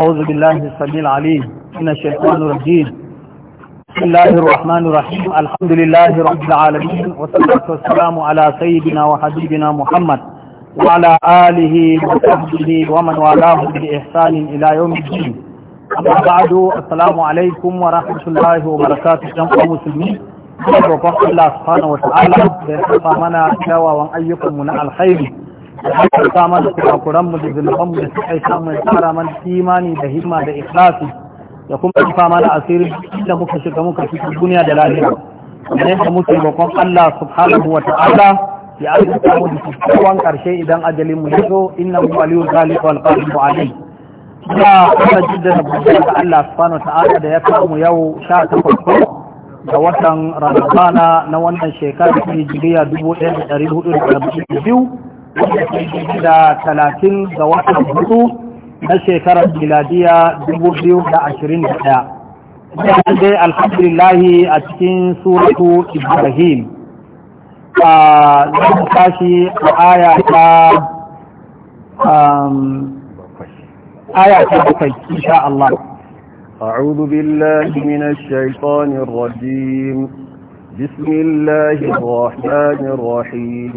أعوذ بالله السميع العليم من الشيطان الرجيم بسم الله الرحمن الرحيم الحمد لله رب العالمين والصلاة والسلام على سيدنا وحبيبنا محمد وعلى آله وصحبه ومن والاه بإحسان إلى يوم الدين أما بعد السلام عليكم ورحمة الله وبركاته جمع المسلمين ربكم الله سبحانه وتعالى بإحسان منا كوا وأن أيكم من الخير haƙarta mana kurakuranmu da zunubanmu da suka aika mai tsara mana imani da himma da ikhlasi da kuma fama mana asirin da muka shiga muka shiga duniya da lahira kamar yadda muke roƙon Allah subhanahu wa ta'ala ya aika mu da kyakkyawan ƙarshe idan ajalin mu yazo inna hu waliyul ghalib wal qadir alim ina kuma jaddada da ga Allah subhanahu wa ta'ala da ya kawo mu yau 18 da watan ramadana na wannan shekara ta hijiriya 1442 wanda ke gidi da talatin ga watan hudu na shekarar miladiya 2021 wanda dai alhamdulillahi a cikin suratu ibrahim a zama tashi a aya ta aya ta bakwai insha Allah أعوذ بالله من الشيطان الرجيم بسم الله الرحمن الرحيم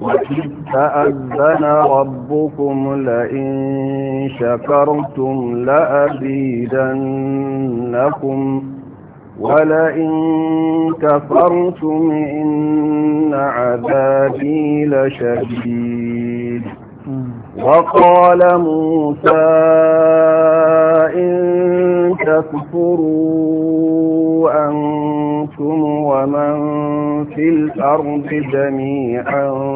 وإذ تأذن ربكم لئن شكرتم لأزيدنكم ولئن كفرتم إن عذابي لشديد وقال موسى إن تكفروا أنتم ومن في الأرض جميعا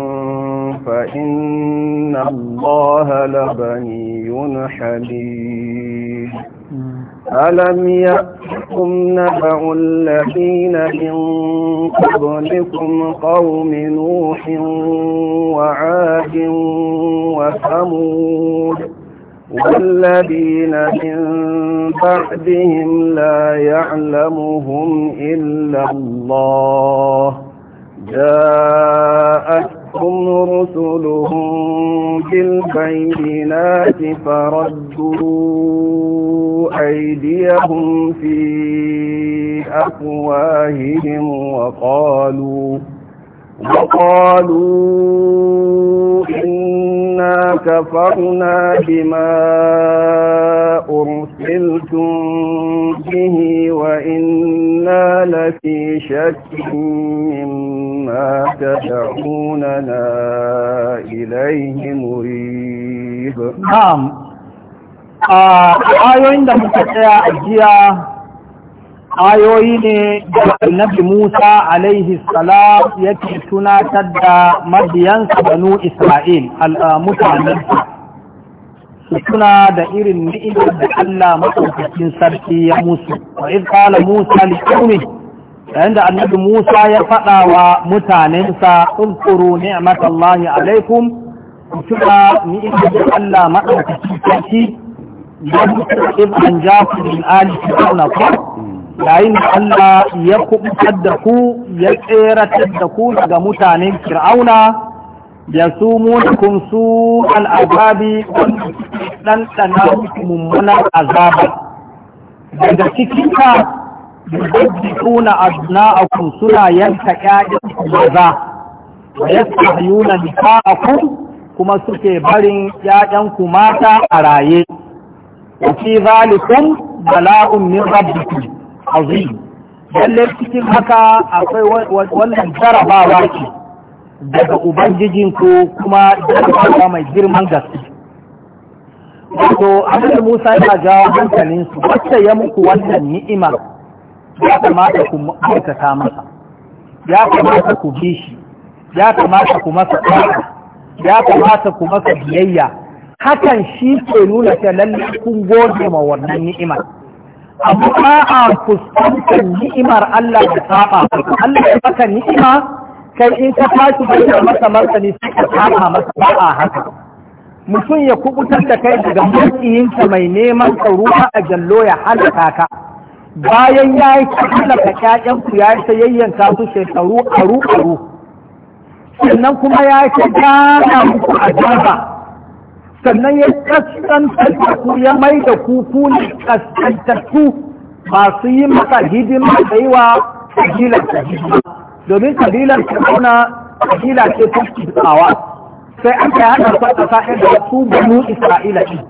فإن الله لبني حليم ألم يأتكم نبأ الذين من قبلكم قوم نوح وعاد وثمود والذين من بعدهم لا يعلمهم إلا الله جاءت جاءتهم رسلهم بالبينات فردوا أيديهم في أفواههم وقالوا وقالوا إنا كفرنا بما أرسلتم به وإنا لفي شك مما تدعوننا إليه مريب نعم آه آيوين ده متسعى الجيا ayoyi ne da annabi Musa alaihi salam yake tunatar da mabiyansa banu Isra'il al su tuna da irin ni'imar da Allah matsaukakin sarki ya musu wa in qala Musa li qaumi yayin da annabi Musa ya faɗa wa mutanensa uzkuru ni'matallahi alaikum ku tuna ni'imar da Allah matsaukakin sarki ya musu iz an min ali fir'auna yayin da Allah ya kubutar da ku ya tseratar da ku daga mutanen fir'auna ya su munakun su al'azabi ɗanɗana mummunan azaba daga cikin ka yubaddikuna abna'akum suna yanka ƴaƴan maza wa yastahyuna nisa'akum kuma suke barin 'ya'yanku mata a raye wa fi zalikum bala'un min rabbikum azim lalle cikin haka akwai wannan jarabawa ce daga ubangijinku kuma jarabawa mai girman gaske wato abin musa ga jawo hankalinsu wacce ya muku wannan ni'imar ya kamata ku aikata masa ya kamata ku bi shi ya kamata ku masa ya kamata ku masa biyayya hakan shi ke nuna ta lalle kun goge ma wannan ni'imar amma ba a fuskantar ni'imar Allah da saba Allah ya baka ni'ima kai in ka tashi bai masa martani sai ka saba masa ba a haka mutum ya kubutar da kai daga mulkiyinka mai neman tsaruwa a jallo ya halaka ka bayan ya yi halaka ku ya yi ta yayyanka su shekaru aru aru sannan kuma ya yi ta gana muku jaba sannan ya kaskantar da ku ya mai da ku ku ne kaskantattu masu yi maka hidima da yi wa kabilar ta hidima domin kabilar ta zauna kabila ce ta kitsawa sai an kai haɗa a sa'in da su banu isra'ila ɗin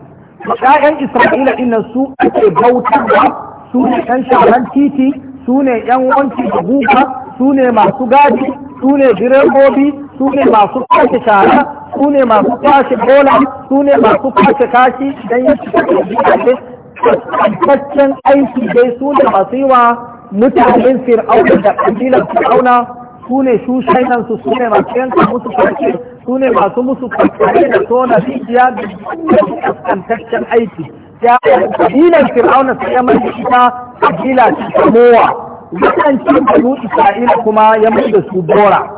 ƴaƴan isra'ila ɗin nan su ake bautarwa su ne ƴan sharan titi su ne ƴan wanki da guga su ne masu gadi su ne direbobi su ne masu kwashe shara su ne masu kwashe bola su ne masu kwashe kashi don yin cikakken aiki dai su ne masu yi wa mutanen fir'auna da kabilan fir'auna su ne shushainansu su su ne masu yanka musu kwanci su ne masu musu kwanci da tona rijiya da kaskantaccen aiki ya kabilan fir'auna su ya mai ita kabila ta mowa waɗancan banu isra'ila kuma ya mai da su bora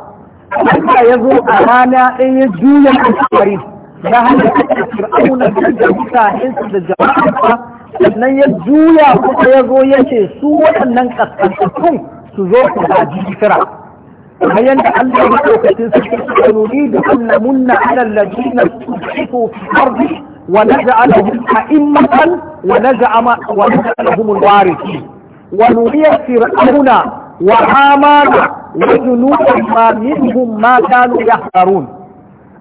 Allah ya zo a rana ɗin ya juya al'amari ya hana fir'auna da mutanensa da jama'a? sannan ya juya kuma ya zo ya ce su waɗannan ƙasƙantattun su zo su gaji fira bayan da Allah ya ɗaukacin su ke tsanoni da kunna munna ala ladina su fito fi ardi wa naj'alahum a'immatan wa naj'alahum al-warithin wa nuriya fir'auna wa hamana wa junudan ma minhum ma kanu yahqarun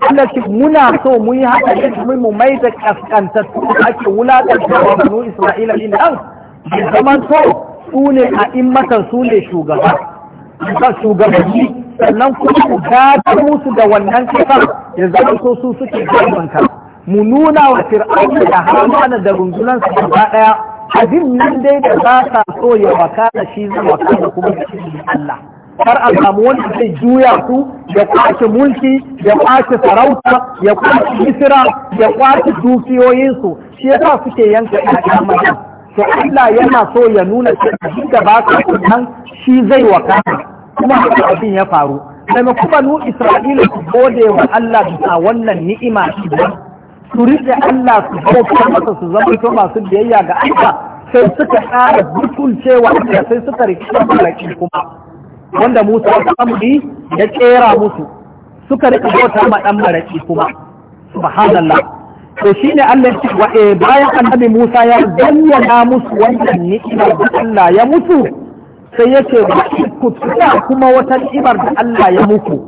Allah shi muna so mu yi haka ne mu mai da kaskantattu da ake wulaƙanta wa banu Isra'ila din nan zaman to su ne a immatan su ne shugaba kan shugabanni sannan kuma ku gadar musu da wannan kasar ya zama so su suke gabanta mu nuna wa fir'auna da hamana da rundunan su gaba ɗaya abin nan dai da za ka so ya wakana shi zai wakana kuma shi Allah kar a samu wanda zai juya su ya kwace mulki ya kwace sarauta ya kwace misira ya kwace dukiyoyinsu shi yasa suke yanka ƴaƴa maza to Allah yana so ya nuna cewa da ba ka nan shi zai wakana kuma haka abin ya faru sai kuma nu Isra'ila su gode wa Allah bisa wannan ni'ima ba su riƙe Allah su bauta masa su zama to masu biyayya ga Allah sai suka ƙara butulcewa da sai suka riƙe malaki kuma wanda Musa ya amri ya kera musu suka riƙe bauta ma ɗan maraƙi kuma subhanallah to shine Allah ya wa e bayan annabi Musa ya bayyana musu wannan ni'imar da Allah ya mutu sai ya ce ku tuna kuma wata ni'imar da Allah ya muku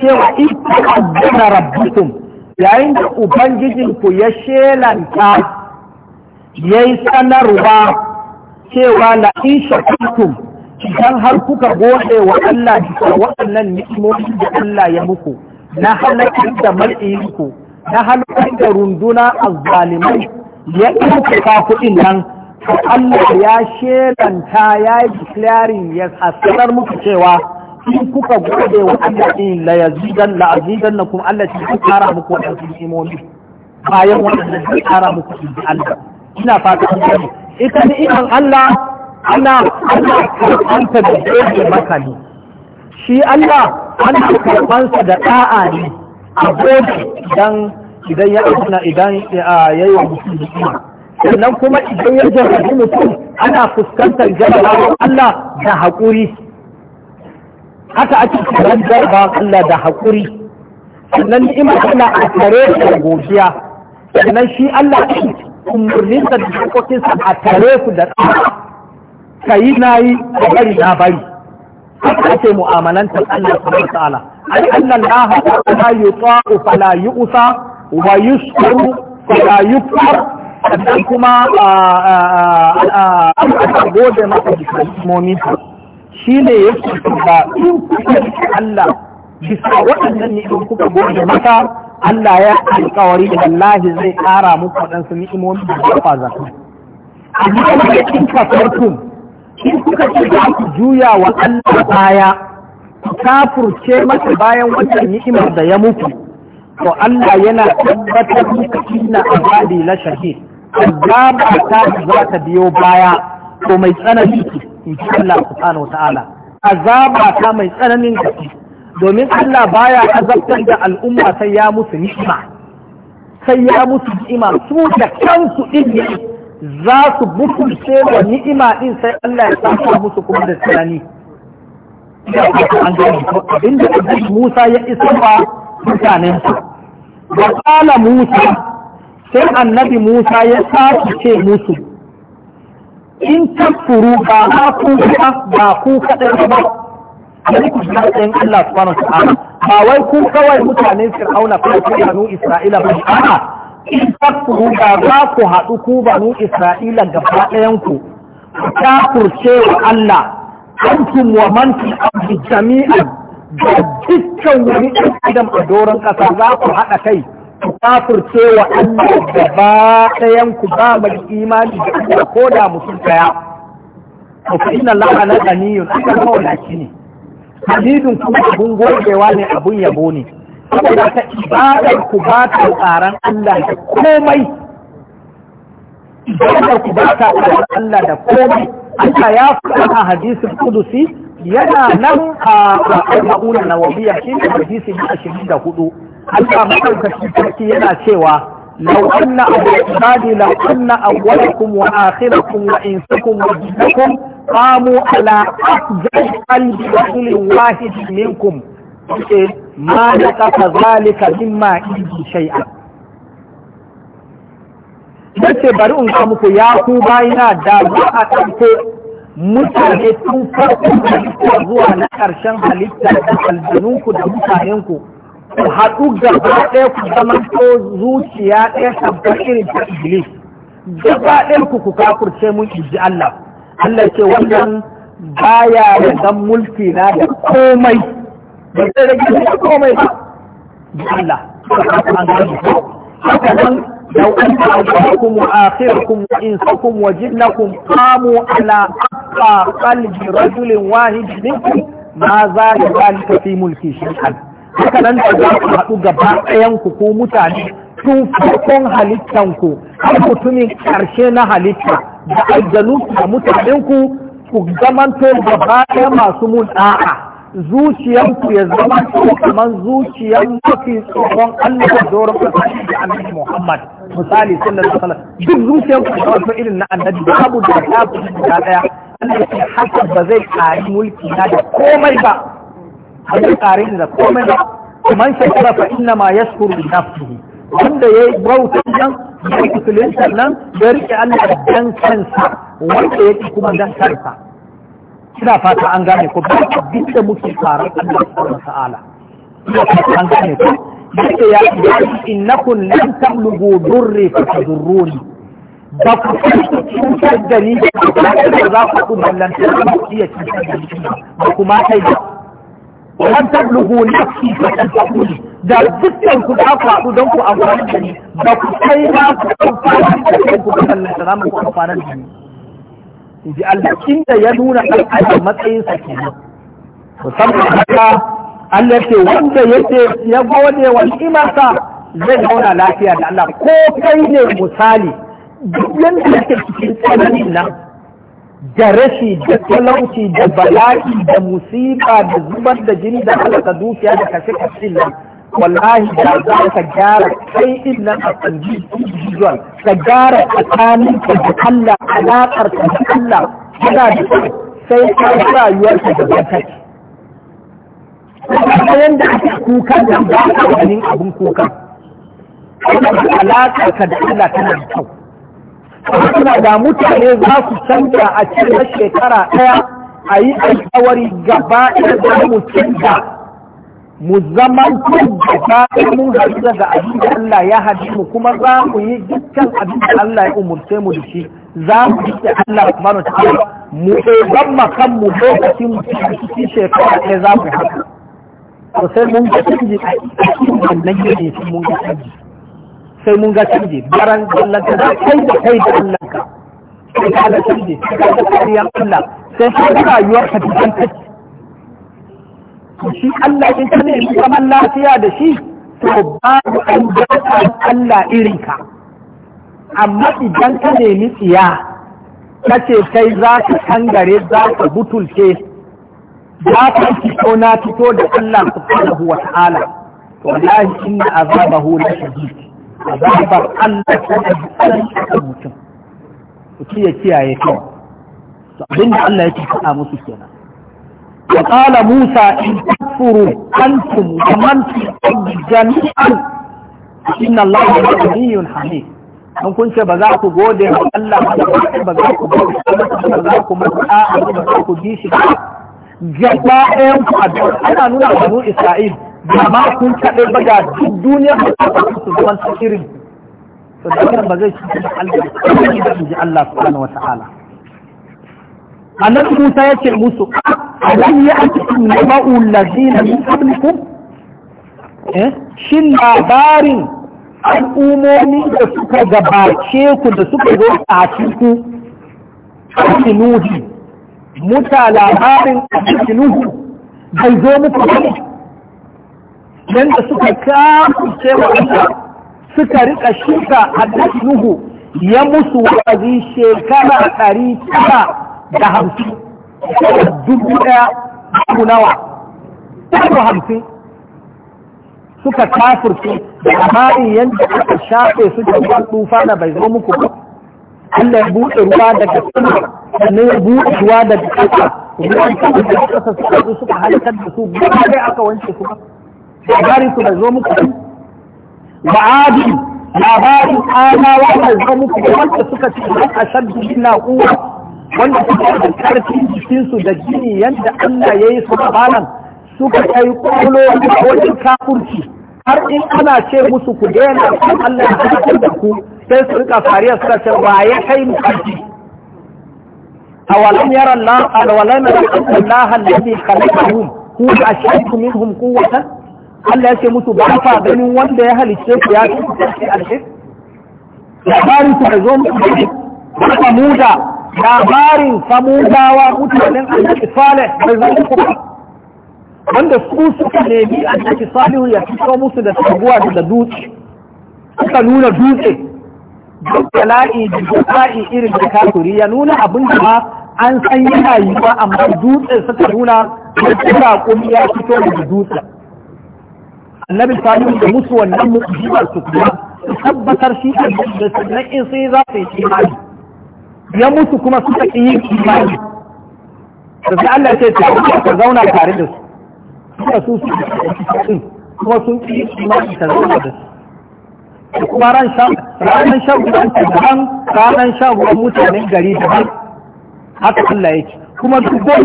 cewa in ta'azzana rabbukum yayin da ubangijin ku ya shelanta ya yi sanarwa cewa na in shakartum idan har kuka gode wa Allah da waɗannan ni'imomin da Allah ya muku na halakar da mal'inku na halakar da runduna a zalimai ya ɗaukaka kuɗin nan Allah ya shelanta ya yi declaring ya sanar muku cewa in kuka gode wa Allah din la yazidan la azidan lakum Allah shi ya kara muku wadansu imomi bayan wannan shi kara muku shi Allah ina fata an gani ita ni idan Allah ana Allah an ta da yake maka ne shi Allah ana karban sa da da'a ne a gode idan idan ya abuna idan yayi wa mutum ni'ima sannan kuma idan ya jarrabi mutum ana fuskantar jarrabawar Allah da haƙuri haka ake kiran jarba Allah da haƙuri sannan ni'ima tana a tare da godiya sannan shi Allah ake umarninsa da haƙoƙinsa a tare su da tsara ka yi na yi ka bari na bari haka ake mu'amalantar Allah subhanahu wa ta'ala ai Allah la haqa yi yuta'u fala yu'sa wa yushkuru fala yukfar sannan kuma a gode masa da kalmomin shi ne ya ba in kuka rike Allah bisa waɗannan in kuka goge maka Allah ya alkawari da Allah zai ƙara muku waɗansu ni'imomi da ya faza ku. Amma kuma in kafartum in kuka ce za ku juya wa Allah baya kafurce masa bayan wannan ni'imar da ya muku to Allah yana tabbatar muku inna azabi la shahid azaba ta za ta biyo baya to mai tsanani in ji Allah subhanahu ta'ala azaba ta mai tsananin gaske domin Allah baya azabtar da al'umma sai ya musu ni'ima sai ya musu ni'ima su da kansu din ne za su butulce wa ni'ima din sai Allah ya saka musu kuma da tsanani an gani Musa ya isa wa mutanen su wa Musa sai annabi Musa ya sake ce musu in takfuru ba ma ku ba ku kaɗai ba alaikum shaɗin Allah subhanahu ba wai ku kawai mutanen fir'auna ko ku banu isra'ila ba a'a in takfuru ba za ku haɗu ku banu isra'ila gaba ɗayan ku kafurce wa Allah antum wa man fi ardi jami'an da dukkan wani ɗan adam a doron ƙasa za ku haɗa kai ku kafirce wa Allah gaba ɗayan ku ba mai imani da Allah ko da mutum daya to fa inna Allah la ganiyun akan mawlaci ne hadidun kuma abun gogewa ne abun yabo ne saboda ta ibadar ku ba ta tsaron Allah da komai ibadar ku ba ta tsaron Allah da komai Allah ya faɗa a hadisin kudusi yana nan a na wabiya shi ne hadisi na ashirin da hudu Allah maɗaukaki sarki yana cewa لو أن عبادي لو أن أولكم وآخركم وإنسكم وجنكم قاموا على أفجر قلب رجل واحد منكم ما نقص ذلك مما إيدي شيئا yace bari in ka muku ya ku bayina da za a ɗauko mutane tun farko zuwa na ƙarshen halitta da aljanunku da mutanenku ku haɗu gaba ɗaya ku zama ko zuciya ɗaya tabbar irin ta iblis gaba ɗaya ku ku kafurce mun iji Allah Allah ce wannan baya da dan mulki na da komai ba zai rage da komai ba ji Allah an haka nan لو أن أولكم وآخركم وإنسكم وجنكم قاموا على أقصى قلب رجل واحد منكم ما زال ذلك في ملكي شيئا haka nan da za ku haɗu gaba ɗayan ko mutane tun farkon halittan ku har mutumin ƙarshe na halitta da aljanu da mutanen ku ku zamanto gaba ɗaya masu mun ɗa'a zuciyanku ya zama kamar zuciyar mafi tsohon Allah da doron kasashe da annabi Muhammad misali sallallahu alaihi wasallam duk zuciyanku da wasu irin na annabi babu da ta fi daya Allah ya haka ba zai kari mulki na da komai ba ba zai kare ni da komai ba man shakara fa inna ma yashkuru li nafsihi wanda yayi bauta nan yayi kusulinta nan ya rike Allah dan kansa wanda yake kuma dan kansa ina fata an gane ko ba abin da muke fara Allah subhanahu wa ta'ala an gane ko yake ya innakum lan tablughu durri fatadurruni ba ku cutar da ni ba za ku kuma lantarki iya cutar da ni ba kuma kai ba an tabluhu nafsi fa kan tabluhu da dukkan ku da ku haɗu don ku amfani da ni ba ku kai ba ku amfani da ni ku ga Allah da zamu ku amfani da ni inji Allah inda ya nuna al'ada matsayin sa kenan musamman haka Allah ce wanda yake ya gode wa ni'imarsa zai zauna lafiya da Allah ko kai ne misali duk yanda yake cikin tsananin nan da rashi da talauci da bala'i da musiba da zubar da jini da halaka dukiya da kashe kashe nan wallahi da za ka gyara kai din nan a tsanji individual ka gyara tsakanin ka da Allah alaƙar ka da Allah kana da sai ka rayuwar ka da barkat kuma da ake kuka da ba ka ganin abin kuka alaƙar ka da Allah tana da kyau kuma da mutane za su canza a cikin shekara ɗaya a yi alkawari gaba ɗaya za mu canza mu zaman da mun haɗu daga abin da Allah ya haɗu mu kuma za mu yi dukkan abin da Allah ya umurce mu da shi za mu yi da Allah kamar ta ta'ala mu ɗaukan makan mu lokacin mu cikin shekara ɗaya za mu haɗu sosai mun ga canji a cikin wannan yanayi mun ga canji sai mun ga canji baran Allah ka kai da kai da Allah ka sai ka ga canji sai ka ga kariyar Allah sai ka ga rayuwar ka cikin kaci shi Allah in ka ne zaman lafiya da shi to babu an gasa Allah irin ka amma idan ka nemi tsiya ka ce kai za ka kangare za ka butulce za ka fito na fito da Allah subhanahu wa ta'ala wallahi inna azabahu la shadid azabar Allah ta azabar mutum mutum ya kiyaye kawai to abinda Allah yake faɗa musu kenan wa qala Musa in takfuru antum wa man fi ardi jami'an inna Allah ghaniyyun hamid an kun ce ba za ku gode wa Allah ba za ku gode ba za ku mata ba za ku bi shi gaba ɗayan ku a ana nuna wa Isra'il amma kun kaɗai ba ga duk duniya ba ta faɗi su zaman ta irin to da wannan ba zai ci da Allah ba ji Allah subhanahu wata'ala annabi Musa ya ce musu alam ya atikum naba'u allazina min qablikum eh shin labarin al'umomi da suka gabace ku da suka zo a cikin ku nuhi muta labarin a cikin nuhu bai zo muku ba yanda suka kafurce wa Allah suka rika shuka a Nuhu ya musu wazi shekara ɗari tara da hamsin dubu ɗaya abu nawa dubu hamsin suka kafurce amma in yadda aka shafe su da ruwan tufa da bai zo muku ba Allah ya buɗe ruwa daga sama sannan ya buɗe ruwa daga ƙasa ruwan sama da ƙasa suka zo suka halakar da su ba dai aka wanke su ba labarin su bai zo muku ba adi labarin adawa bai zo muku da wanda suka ce ba a shaddu ina uwa wanda suka da karfin jikinsu da jini yadda Allah ya yi su banan suka kai kolo da wajen kafurci har in ana ce musu ku daina Allah ya fitar da ku sai su rika fariya suka ce ba ya kai mu karfi awalam yara Allah alwalam yara Allah alladhi khalaqahum huwa ashaddu minhum quwwatan Allah ya ce musu ba fa ganin wanda ya halicce ku ya ce alheri labarin ku da zo muku ba fa muda labarin samudawa mutanen annabi salih bai zo ku ba wanda su suka nemi annabi salihu ya fito musu da sabuwa da dutse suka nuna dutse duk bala'i da bala'i irin da kafiri ya nuna abin da an san yana yi ba amma dutse suka nuna da kuma ya fito da dutse annabi salihu da musu wannan mu'jizar su kuma tabbatar shi a da sannan in sai za su yi imani ya mutu kuma suka ƙi yin imani da sai Allah ce ta ka zauna tare da su suka su su ɗin kuma sun ƙi imani ta zauna da su da kuma ran ruwan ruwan mutanen gari haka Allah kuma duk da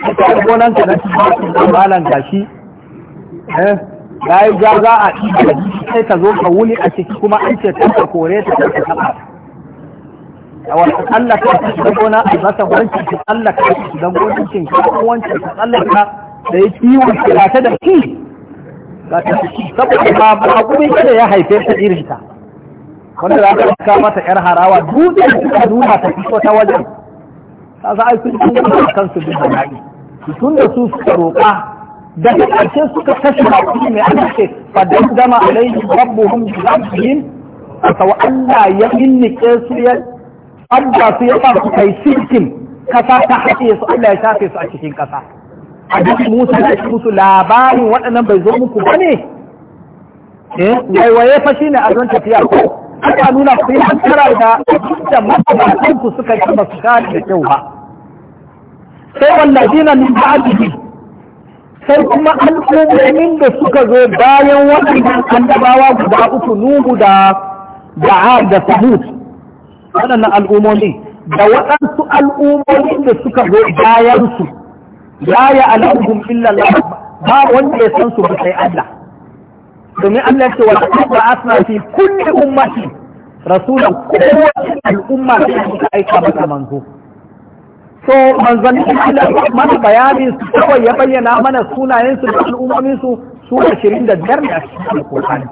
ka gonan ka na cikin da malan gashi eh yi ja za a ɗiga sai ka zo ka wuni a ciki kuma an ce ta ka kore ta ta ka taɓa wata tsallaka ta shiga gona a masa wancan ta tsallaka ta shiga gonan shinkafa wancan ta tsallaka da ya ci kiwon ta da ki za ta fi saboda ba ba kuma ita da ya haife ta irin ta wanda za ka kama ta yar harawa dutse ta nuna ta fito ta wajen kaga ai sun kuma kansu bin bala'i tun da su suka roƙa daga ƙarshe suka kashe baki mai ana ce fadan dama alaihi rabbuhum bi rabbihim sau Allah ya innike su ya abba su ya sa su kai sirkin kasa ta haɗe su Allah ya shafe su a cikin kasa a duk Musa ya ce musu labarin waɗannan bai zo muku ba ne eh waiwaye fashi ne a zon tafiya ko aka nuna ku yi hankara da da masu suka yi ba su kare da kyau ba sai wallazina min ba'dihi sai kuma al'ummomin da suka zo bayan waɗannan annabawa guda uku nuhu da da'ad da samud waɗannan al'ummomi da waɗansu al'ummomin da suka zo bayan su la ya alahum illa Allah ba wanda ya san su ba sai Allah domin Allah ya ce wa laqad asna fi kulli ummati rasulun kowace al'umma sai aka aika mata manzo so manzannin Allah mana bayanin su kawai ya bayyana mana sunayensu da al'ummomin su su 25 ne a cikin alkur'ani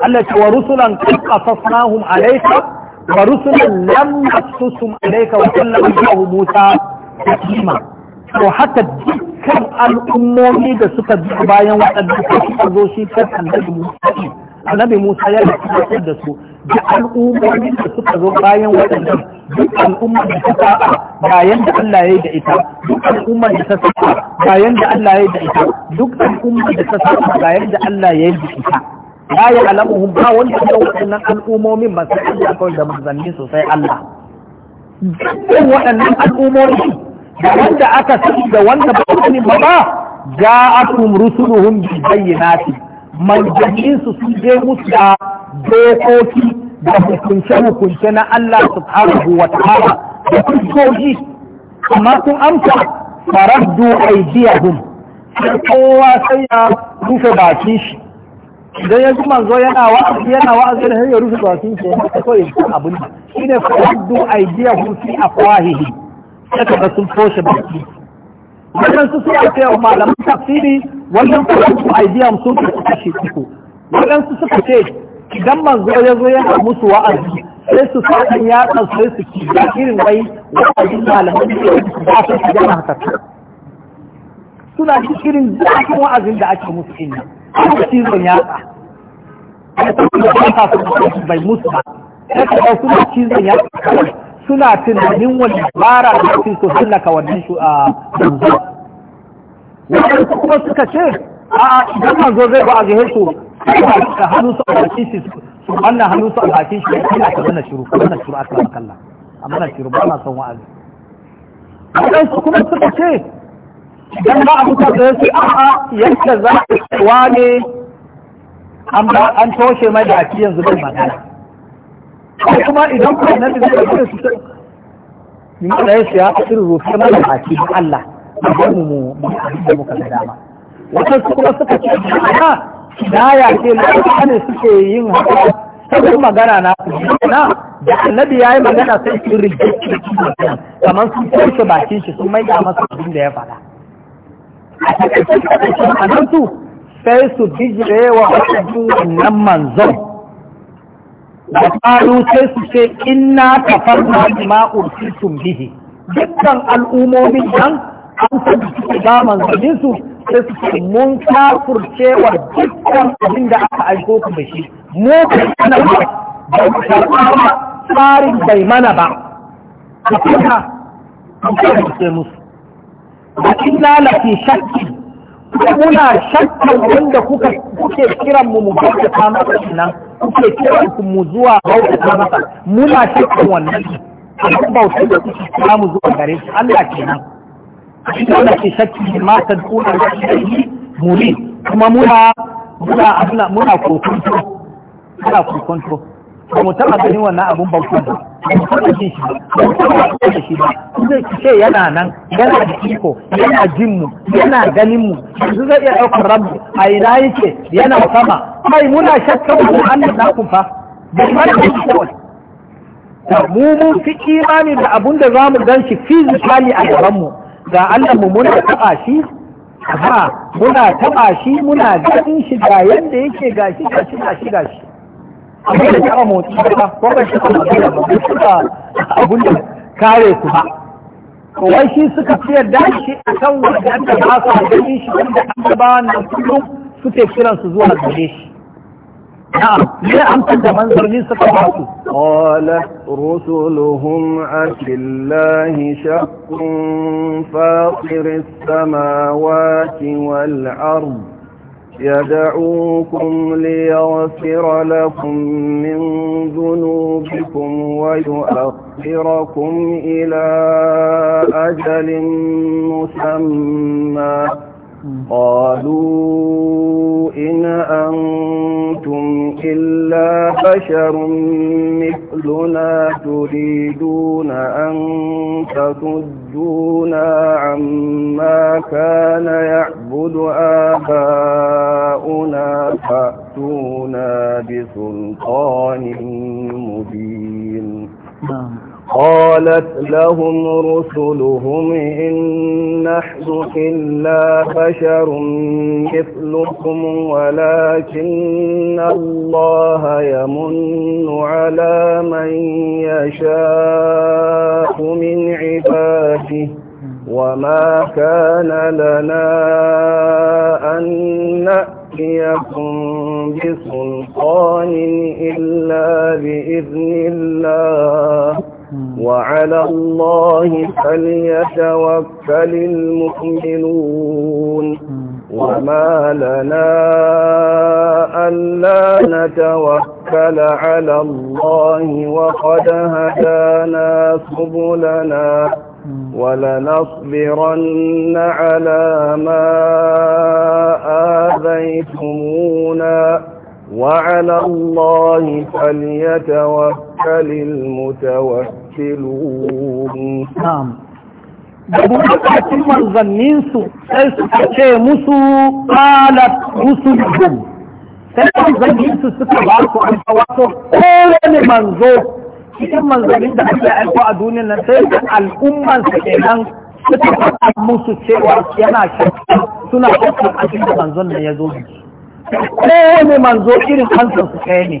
Allah ce wa rusulan qad qasasnahum alayka wa rusulan lam naqsusum alayka wa kallama Musa taklima to haka duk kan al'ummomi da suka bi bayan waɗanda suka zo shi kan annabi Musa annabi Musa ya tafi da su da al'ummomi da suka zo bayan waɗanda duk al'umma da ta saba ga yanda Allah ya yi da ita duk al'umma da ta saba ga yanda Allah ya yi da ita duk al'umma da ta saba ga yanda Allah ya yi da ita ya ya alamuhun ba wanda ya waɗannan al'ummomin ba masu Allah kawai da manzanni sosai Allah Duk waɗannan al'ummomi da wanda aka sani da wanda ba sani ba ba akum rusuluhum bil bayyinati manjajin su sun je musu da dokoki da hukunce hukunce na Allah subhanahu wa ta'ala da kuskoki amma sun amsa faraddu aydiyahum sai kowa sai ya rufe baki shi idan ya ji zo yana wa'azi yana wa'azi da ya rufe bakin shi ya kawai abin shi ne faraddu aydiyahum fi afwahihi suka ga sun toshe baki wannan su suka ce wa malaman tafsiri wannan kuma su aidiyam sun fi kashi uku wannan su suka ce idan manzo ya zo yana musu wa'azi sai su sa kan yatsa sai su ki da irin wai wa'azin malaman da ba su shiga na haka suna ki irin zafin wa'azin da ake musu inna ko cizon yatsa ya san da ba su bai musu ba Sai ka suna cizon yatsa ka suna tunanin wani bara da su su hallaka wannan shu a manzo wannan kuma suka ce a idan manzo zai ba a zuhe su da hannu su a bakin shi su wannan hannu su a bakin shi ina ta zana shiru ko zana shiru aka ba kalla a mana shiru ba na son wa'azi wannan su kuma suka ce idan ba a mutu da su a a yadda za a wane an toshe mai da a yanzu bai magana ko kuma idan ku nan da zai da su min da ya siya a cikin rufi na da haki Allah idan mu mu abin da muka dama wannan su kuma suka ce ha hidaya ce ne suke yin haka sabon magana na na da annabi ya yi magana sai su rijici kamar sun toshe bakin shi sun maida masa abin da ya faɗa a nan su sai su bijire wa wasu wannan manzon وقالوا تيسو شيء إنا كفرنا بما أرسلتم به dukkan al'ummomin nan an tabi suke gaman zamin su sai su ce mun dukkan abin da aka aiko ku da shi mu kana ba da tsarin bai mana ba a kuma shakki kuna shakkan wanda kuka kuke kiran mu mu bauta masa nan kuke kiran ku mu zuwa bauta masa muna shakkan wannan abin bauta da kuke kira mu zuwa gare shi Allah ke kenan Allah ke shakki ma ta kuna da shi muni kuma muna muna muna kokonto muna kokonto ba mu taɓa ganin wannan abun bautan ba ba mu taɓa jin shi ba mu taɓa da shi ba zai ce yana nan yana da iko yana jin mu yana ganin mu yanzu zai iya ɗaukar rabu a ina yake yana sama kai muna shakkan mu an da ku fa da farko kawai mu mun fi imani da abun da za mu gan shi fizikali a gaban mu ga Allah mu muna taɓa shi ba muna taɓa shi muna ganin shi ga yanda yake gashi gashi gashi gashi abin da kama motsi ba ko ba shi kuma ba? da ba suka abin da kare ku ba wai shi suka fi yarda shi a kan wanda aka ba su a gani shi wanda an ba wannan kullum suke kiran su zuwa gare shi da ليه أنت كمان زرنين سكباتي قالت رسلهم أفي الله شق فاطر السماوات والأرض يدعوكم ليغفر لكم من ذنوبكم ويؤخركم إلى أجل مسمى قالوا إن أنتم إلا بشر مثلنا تريدون أن تصدونا عما كان يعبد آباؤنا فأتونا بسلطان مبين نعم قالت لهم رسلهم إن نحن إلا بشر مثلكم ولكن الله يمن على من يشاء من عباده وما كان لنا أن نأتيكم بسلطان إلا بإذن الله وعلى الله فليتوكل المؤمنون وما لنا ألا نتوكل على الله وقد هدانا سبلنا ولنصبرن على ما آذيتمونا وعلى الله فليتوكل المتوكل يرسلون نعم بمكاتب manzannin su sai suka ce musu qalat rusuluhum sai manzannin su suka ba su an wato kowane manzo cikin manzannin da ake aiko a duniyar nan sai da al'umman su nan suka faɗa musu cewa yana shakka suna shakka a cikin manzon nan ya zo kowane manzo irin kansa su kai ne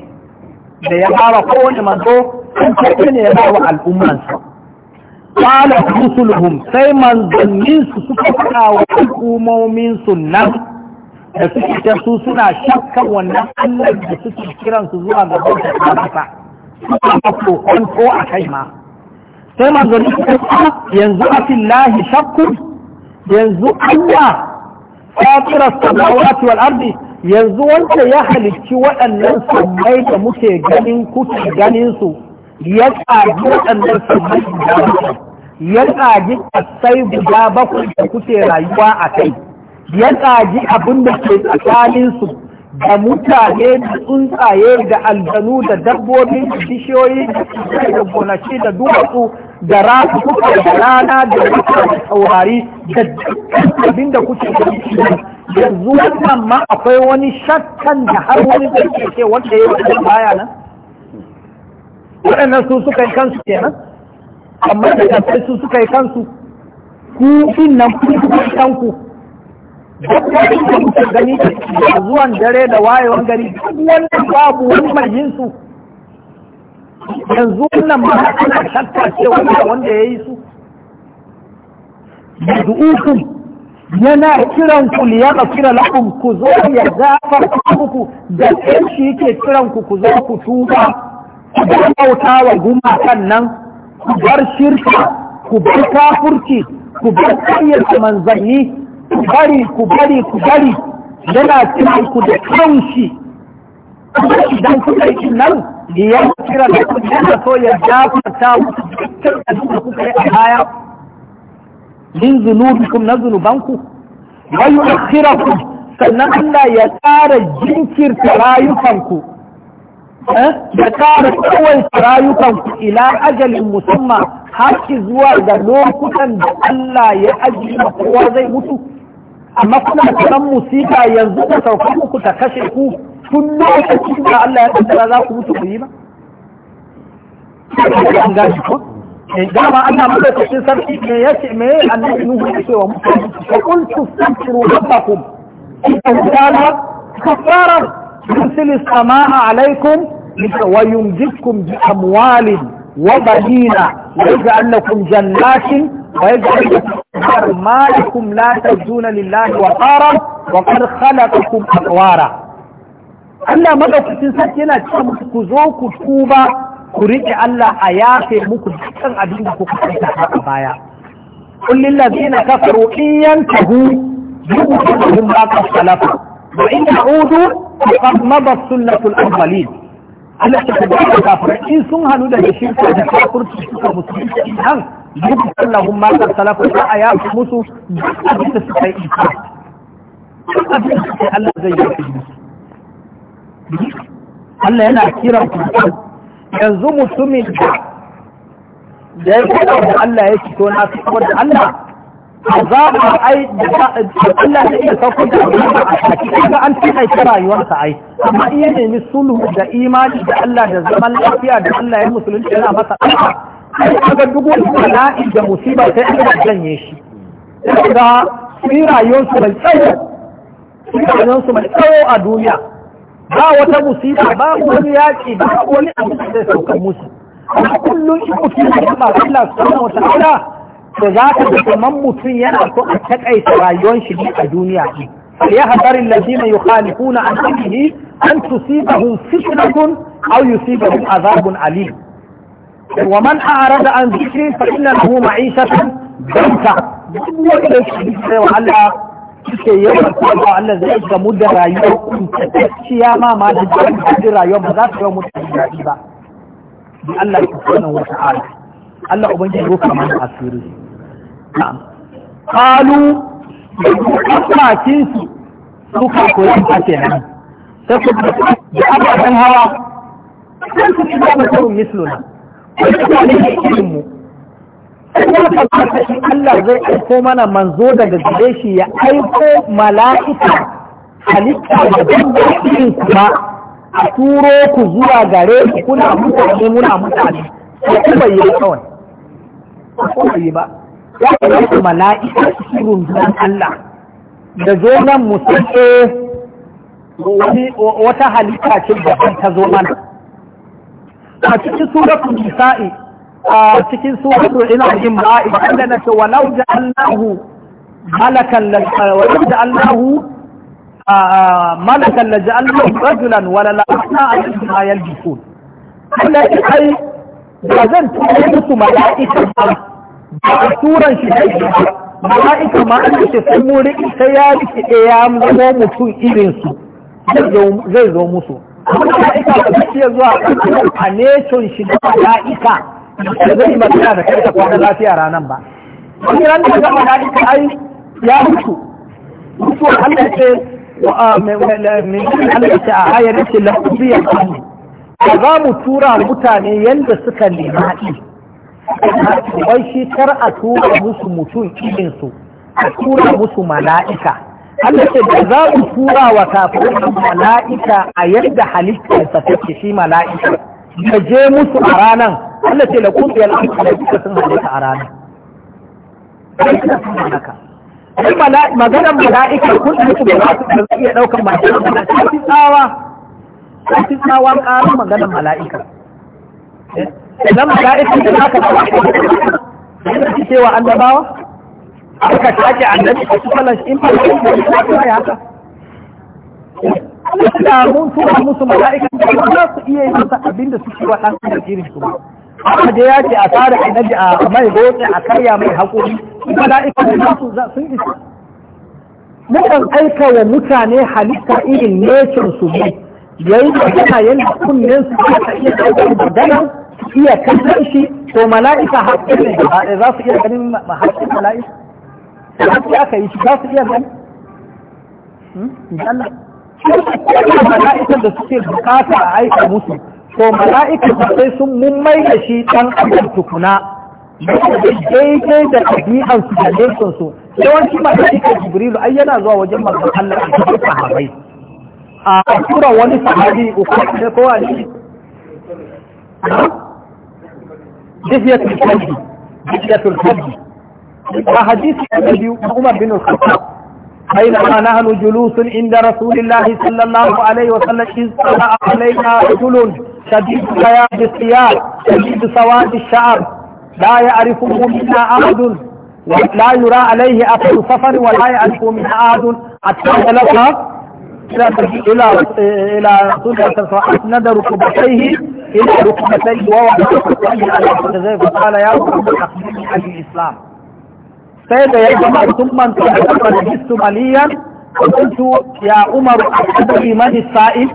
da ya fara kowane manzo kan karfe ne ya ba wa al'ummansa qala rusuluhum sai manzannin su suka faɗa wa al'ummomin nan da suke ta su suna shakkan wannan Allah da suke kiran su zuwa ga bauta ta kasa suka ko ko a kai ma sai manzannin su ah, yanzu a fillahi shakkun yanzu Allah ya fatirar samawati wal ardi yanzu wanda ya halicci waɗannan sammai da muke ganin kuke ganin su ya ƙaji waɗannan sabbin guda bakwai ya ƙaji ƙasai guda bakwai da kuke rayuwa a kai ya ƙaji abin da ke tsakaninsu da mutane da tsuntsaye da aljanu da dabbobi da bishiyoyi da gonaki da duwatsu da rafuka da rana da wata da taurari da abin da kuke da yanzu wannan ma akwai wani shakkan da har wani da ke wanda ya yi baya nan waɗannan su suka yi kansu kenan amma da kafai su suka yi kansu ku in nan ku suka yi kanku wani da kuka gani da zuwan dare da wayewan gari duk wannan babu wani mai yin su yanzu wannan ma ana shakka cewa wanda ya yi su ukun. yana kiran ku li kira la'um ku zo ya gafarta ku da shi yake kiran ku ku zo ku tuba ku bar bauta wa gumakan nan ku bar shirka ku bar kafurci ku bar karyata manzanni ku bari ku bari ku bari yana kiran ku da kanshi idan kuka yi nan ya kira da ku yana so ya gafarta musu dukkan da kuka yi a baya min zunubikum na zunubanku kira ku sannan Allah ya tsara jinkirta rayukanku Eh? da kare kawai rayukan ila ajalin musamman har ki zuwa ga lokutan da Allah ya ajiye kowa zai mutu amma kuna karan musika yanzu ta sauka ku ta kashe ku tun lokacin da Allah ya kaddara za ku mutu ku yi ba an gashi ko eh, dama Allah madaukakin sarki me yace me annabi Nuhu ya ce wa mutane fa qul tastaghfiru rabbakum innahu kana kafaran yursilu samaa'a alaykum ويمددكم بأموال وبنين ويجعل لكم جنات ويجعل لكم ما لكم لا تجدون لله وقارا وقد خلقكم أطوارا Allah madaukakin sarki yana cewa muku ku zo ku tuba ku riƙe Allah a yafe muku dukkan abin da kuka aikata a baya. Kullin lazina kafaru in yantahu yubu ba ma kasalafa wa in ta'udu faqad madat sunnatul awwalin Allah ta tabbata da in sun hanu da shirka da kafirci suka musulunci nan duk Allahun ma ta salafu aya duk abin da suka yi Allah zai yi Allah yana kiran ku yanzu mutumin da ya da Allah ya fito na da Allah azaba ai da Allah zai iya saukar da azaba a shaki kaga an fi aika rayuwarsa ai amma iya nemi sulhu da imani da Allah da zaman lafiya da Allah ya musulunci yana masa ai kaga duk wani bala'i da musiba sai an ga janye shi kaga su rayuwarsu mai tsawo su rayuwarsu mai tsayo a duniya ba wata musiba ba wani yaki ba wani abu da zai saukar musu amma kullum in mutum ya ba Allah subhanahu wa ta'ala to za ka ga kamar mutum yana so a takaita rayuwar shi a duniya ne ya hadarin ladina yukhalifuna an amrihi an tusibahum fitnatun aw yusibahum azabun alim wa man a'rada an dhikri fa inna lahu ma'ishatan danka wanda shi wa Allah suke yawan kuma Allah zai gamu da rayuwar kuntacciya ma ma da jin rayuwar ba za su yi mutane daɗi ba bi Allah subhanahu wa ta'ala Allah ubangiji ya roƙa mana asiri kalu kafakinsu suka koyi a kenan sai ku da ababen hawa sai su ci gaba da misluna wani ne irin mu Allah zai aiko mana manzo daga gare shi ya aiko mala'ika halitta da da irin su ba a turo ku zuwa gare ku kuna mutane muna mutane sai ku bayyana kawai ba ku bayyana ba ya kamata mala'ika su don Allah da zo nan mu eh, wata halitta ce da ta zo mana a cikin suratul nisa'i a cikin suratul ina jin ma'i inda na ce walau da Allahu malakan walau da Allahu malakan la ja'alna rajulan wa la la'ana alayhi ma yalbisun Allah ya ai da zan tuye musu mala'ika a turan shi da shi ba mala'ika ma an ce sai mu riƙi sai ya riƙi ɗaya zama mutum irinsu zai zo musu mala'ika ba zai iya zuwa a nation shi da mala'ika da zai magana da kai ta kwana lafiya ranan ba wani ran da ga mala'ika ai ya mutu mutuwar Allah ce halitta a hayar yake lafiya za mu tura mutane yadda suka nema wai shi kar a tura musu mutum irinsu a tura musu mala'ika Allah ce da za ku tura wa kafin mala'ika a yadda halittarsa take shi mala'ika ka je musu a ranan Allah ce da kun biyar da sun halitta a ranan maganar mala'ika kun mutu da ba su iya ɗaukar masu tsawa tsawa ƙarar maganar mala'ika eh? idan mala'ikin da aka yana ci cewa annabawa aka shaƙe annabi a su falan in ba su yi da su yi haka da mun tura musu mala'ikan da ba za su iya yi masa abin da suke wa ɗan adam irin su ba ya ce a tsara annabi a mai gotsi a karya mai haƙuri mala'ikan da su sun isa mukan aika wa mutane halitta irin nekin su ne yayin da yana yin kunnen su ta iya ɗaukar magana iya kallon shi to mala'ika haƙƙin za su iya ganin haƙƙin mala'ika haƙƙi aka yi shi za su iya gani hmm? Allah mala'ikan da suke bukata a aika musu to mala'ikan da sai sun mummai da shi ɗan adam tukuna daidai da ɗabi'an su da lekin su yawanci mala'ikan jibrilu ai yana zuwa wajen manzon Allah a cikin sahabbai a tura wani sahabi uku ne ko ne جزية الحج جزية الحج وحديث النبي عمر بن الخطاب بينما نحن جلوس عند رسول الله صلى الله عليه وسلم إذ طلع علينا رجل شديد بياض الثياب شديد سواد الشعر لا يعرفه منا أحد ولا يرى عليه أثر سفر ولا يعرفه منا أحد حتى تلقى إلى إلى الله فأسند ركبتيه إلى ركبتيه ووضع ركبتيه على ركبتيه فقال يا رب أخبرني عن الإسلام سيد يا عمر ثم انتهى لبست مليا وقلت يا عمر أخبرني من السائل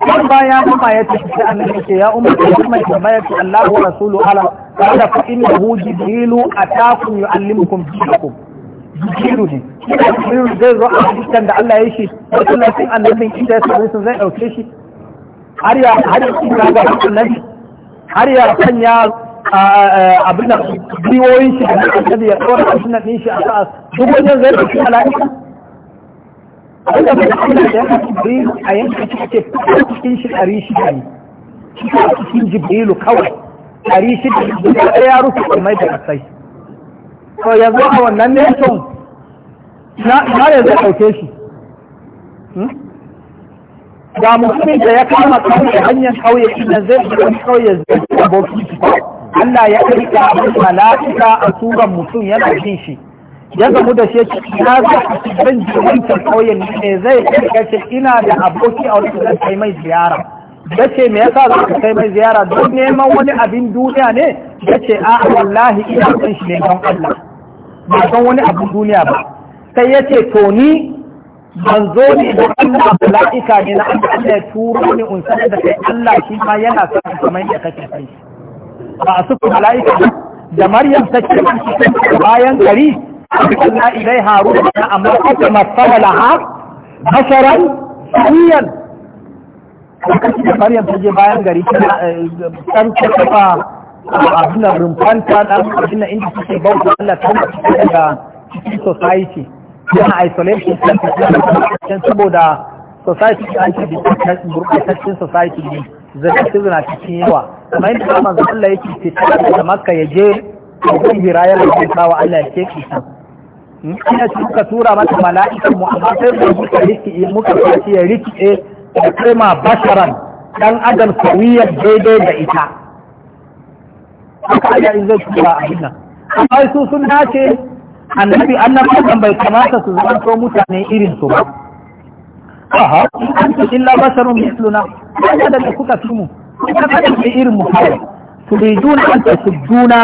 ثم يا عمر ya ce يا عمر يا عمر umma kuma tambaya ce Allahu rasulu ala kada fa innahu jibrilu atakum yuallimukum dinakum jiru ne ina jiru zai zo a cikin da Allah ya shi da tallafin annabin inda ya sami sun zai ɗauke shi har ya har ya kira ga annabi har ya sanya abin da biyoyin shi da annabi ya ɗora a sunan ɗin shi a sa'a duk wajen zai ɗauki mala'ika abin da bai Allah da ya jibrilu a yanka shi ke cikin shi ɗari shida ne cikin jibrilu kawai ɗari shida da ya rufe mai da kasai to zo a wannan ne to na zai ɗauke shi hmm? ga mutumin da ya kama kauye hanyar kauye idan zai shiga kauye zai abokin Allah ya aika mala'ika a turan mutum yana jin shi ya zamu da shi ya za a cikin jiwantar kauyen ne zai shiga ina da aboki a wani kai mai ziyara bace ce me yasa za ka kai mai ziyara don neman wani abin duniya ne ya ce a wallahi ina son shi ne don Allah ba don wani abin duniya ba sai ya ce to ni ban zo ne da Allah mala'ika ne na Allah ya turo ni in san da kai Allah shi ma yana son kamar yadda kake kai ba a suku mala'ika da Maryam take kan bayan gari Allah ilai haru amma kuma masala ha basharan saniyan lokacin da faryar ta je bayan gari tana eh, ta kafa eh, abin da rumfanta ɗan abin da inda suke bauta Allah ta da daga cikin society yana isolation can saboda society ta ake gurɓataccen society ne zanaci zanaci cikin yawa kuma inda ta manzo Allah yake fita da maka ya je abin hirayar da ta wa Allah ya ce ke kisan ina suka tura mata mala'ikan mu amma sai da muka riki muka kwaci ya riki da basaran basharan dan adam sawiyar daidai da ita haka ya in zai kula a nan amma su sun dace annabi annabawan bai kamata su zama to mutane irin su ba aha illa basharun misluna kada da kuka fi mu kuka ku irin mu Su kawai turiduna an duna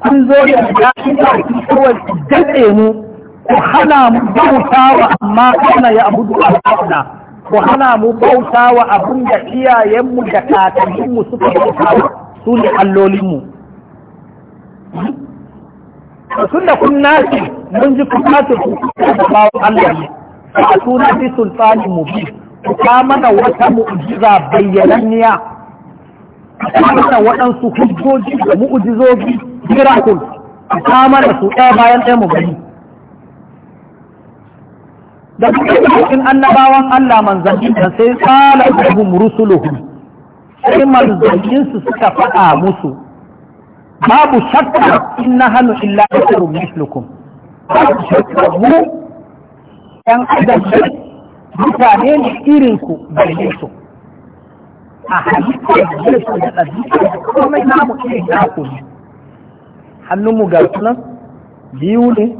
kun zo da daɗin da kawai daɗe mu ku hana mu bauta wa amma kana ya abudu Allah ku hana mu bauta wa abin da iyayenmu da kakanninmu suka bauta su ne allolinmu sun da kun nasi mun ji kun nasi ku da bawon Allah ne a suna fi sultani mu bi ku mana wata mu'jiza bayyananniya ku mana waɗansu hujjoji da mu'jizoji miracle ku mana su ɗaya bayan ɗaya mu gani da cikin annabawan Allah manzannin da sai salatuhum rusuluhu sai manzannin su suka faɗa musu babu shakka inna hannu illa asiru mislukum babu shakka mu ɗan adam ne mutane ne irin ku bayyane su a halittar da su da ɗabi'a da komai namu irin naku ne hannunmu ga sunan biyu ne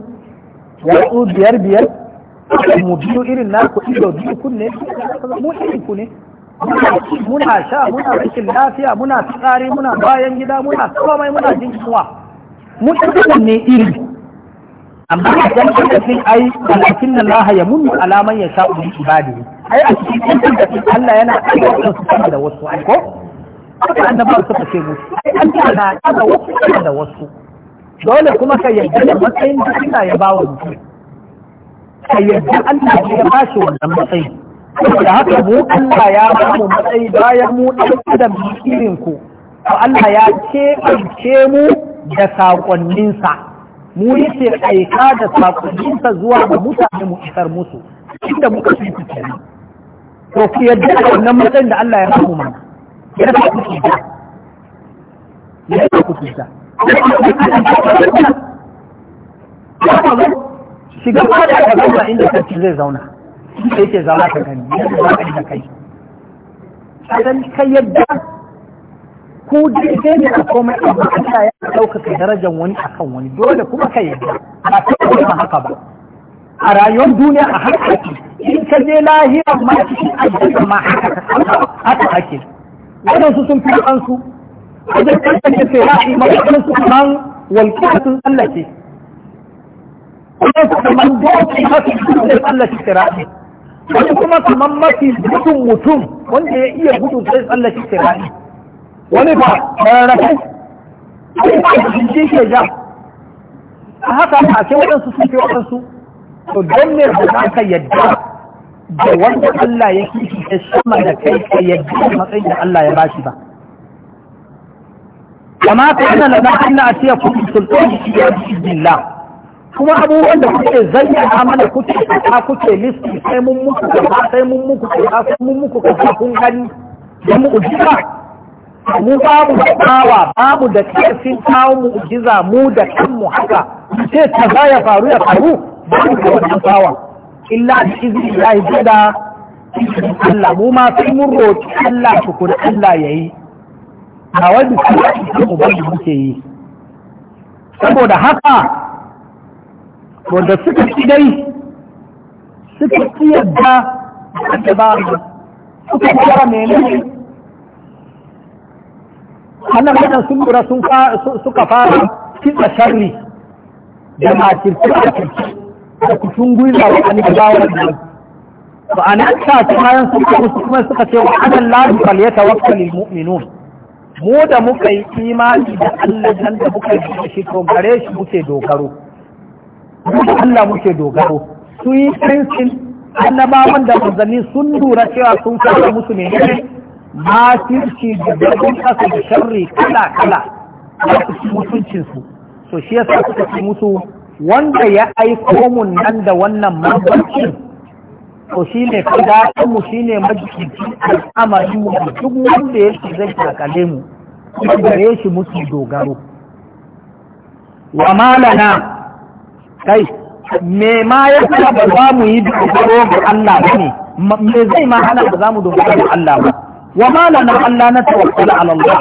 yatsu biyar biyar mu biyu irin na ku ido biyu mu irin ku ne muna sha muna rikin lafiya muna tsari muna bayan gida muna komai muna jin kuwa mu irin ne iri amma jan ka tafi ai walakin na ya munnu alaman ya sha'u bi ibadi. ai a cikin cikin Allah yana aika su sama da wasu ai ko da ba su ce mu ai Allah na aika wasu da wasu dole kuma ka yarda da matsayin da Allah ya bawa mutum ka yarda Allah ne ya bashi wannan matsayi da haka mu Allah ya ba mu matsayi bayan mu ɗan adam irin ku to Allah ya keɓance mu da saƙonninsa mu yi ce aika da saƙonninsa zuwa ga mutane mu isar musu inda muka fi ku ne to ku yarda da wannan matsayin da Allah ya ba mu mana ya sa ku fita ya sa ku fita shiga ba da ka zauna inda sarki zai zauna sai ke zauna ka gani yadda za ka kai kadan kai yadda ku daidai ne a komai amma Allah ya ɗaukaka darajar wani akan wani dole kuma ka yadda ba ka yi haka ba a rayuwar duniya a haka ake in ka je lahira ma cikin aljanna ma haka ake Waɗansu sun fi kansu wajen kansu ke sai ya yi mawadansu kaman walƙiya sun tsallake wani kuma kamar mafi mutum mutum wanda ya iya gudu sai tsallake sirari wani ba rarrafe wani ba jinje ke ja a haka a ce waɗansu sun fi waɗansu to don ne da za ka yadda da wanda Allah ya kifi ya sama da kai ka yadda matsayin da Allah ya bashi ba kama ta yana da na Allah a ce ya kuma sultan shi ya bi Allah kuma abubuwan da kuke a mana kuke ta kuke listi sai mun muku kaza sai mun muku kaza sai mun muku kaza kun gani da ujiza mu babu da tsawa babu da karfin kawo ujiza mu da kanmu haka ce kaza ya faru ya faru mu da wannan tsawa illa da izini ya yi gida? Allah mu ma sai mun roƙi Allah tukur Allah yayi A wani kuma mu muke yi saboda haka to da suka ci dai suka ci yadda da ba suka fara menene annan wajen sun lura suka fara kitsa sharri da makirci a kirki da kusun gwiwa wa an gaba wa nan ba a nan ta ci bayan sun kuma kuma suka ce wa anan lafi falyata wakilin mu'minun mu da muka yi imani da Allah nan da muka yi shi to gare shi muke dogaro da Allah muke dogaro su yi kansin annabawan da manzanni sun lura cewa sun fara musu ne makirci da dabin kasa da sharri kala kala a cikin mutuncinsu so shi yasa suka ci musu wanda ya aiko mun nan da wannan mabarcin to shi ne fadatan mu shi ne majikin al'amarin mu duk wanda ya ce zai kakale mu gare shi muke dogaro wa malana kai me ma ya sa ba za mu yi dogaro ga Allah ba ne me zai ma hana ba za mu dogaro ga Allah ba wa ma lana Allah na tawakkala ala Allah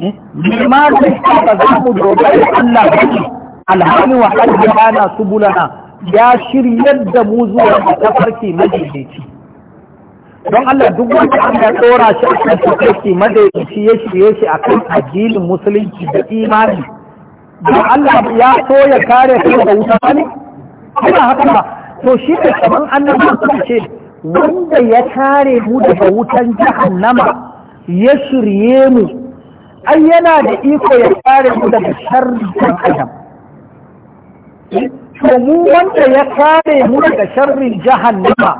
hmm? me ma zai sa ba za mu dogaro ga Allah ba ne alhali wa hajjana subulana ya shiryar da mu zuwa ga tafarki madaidaici don Allah duk wanda an ya tsora shi a kan tafarki madaidaici ya shirye shi akan addinin musulunci da imani da Allah ya so ya kare su daga wuta ne ina haka ba to shi ne kaman annabi su ce wanda ya kare mu daga wutan jahannama ya shirye mu ai yana da iko ya kare mu daga sharrin adam to mu wanda ya kare mu daga sharrin jahannama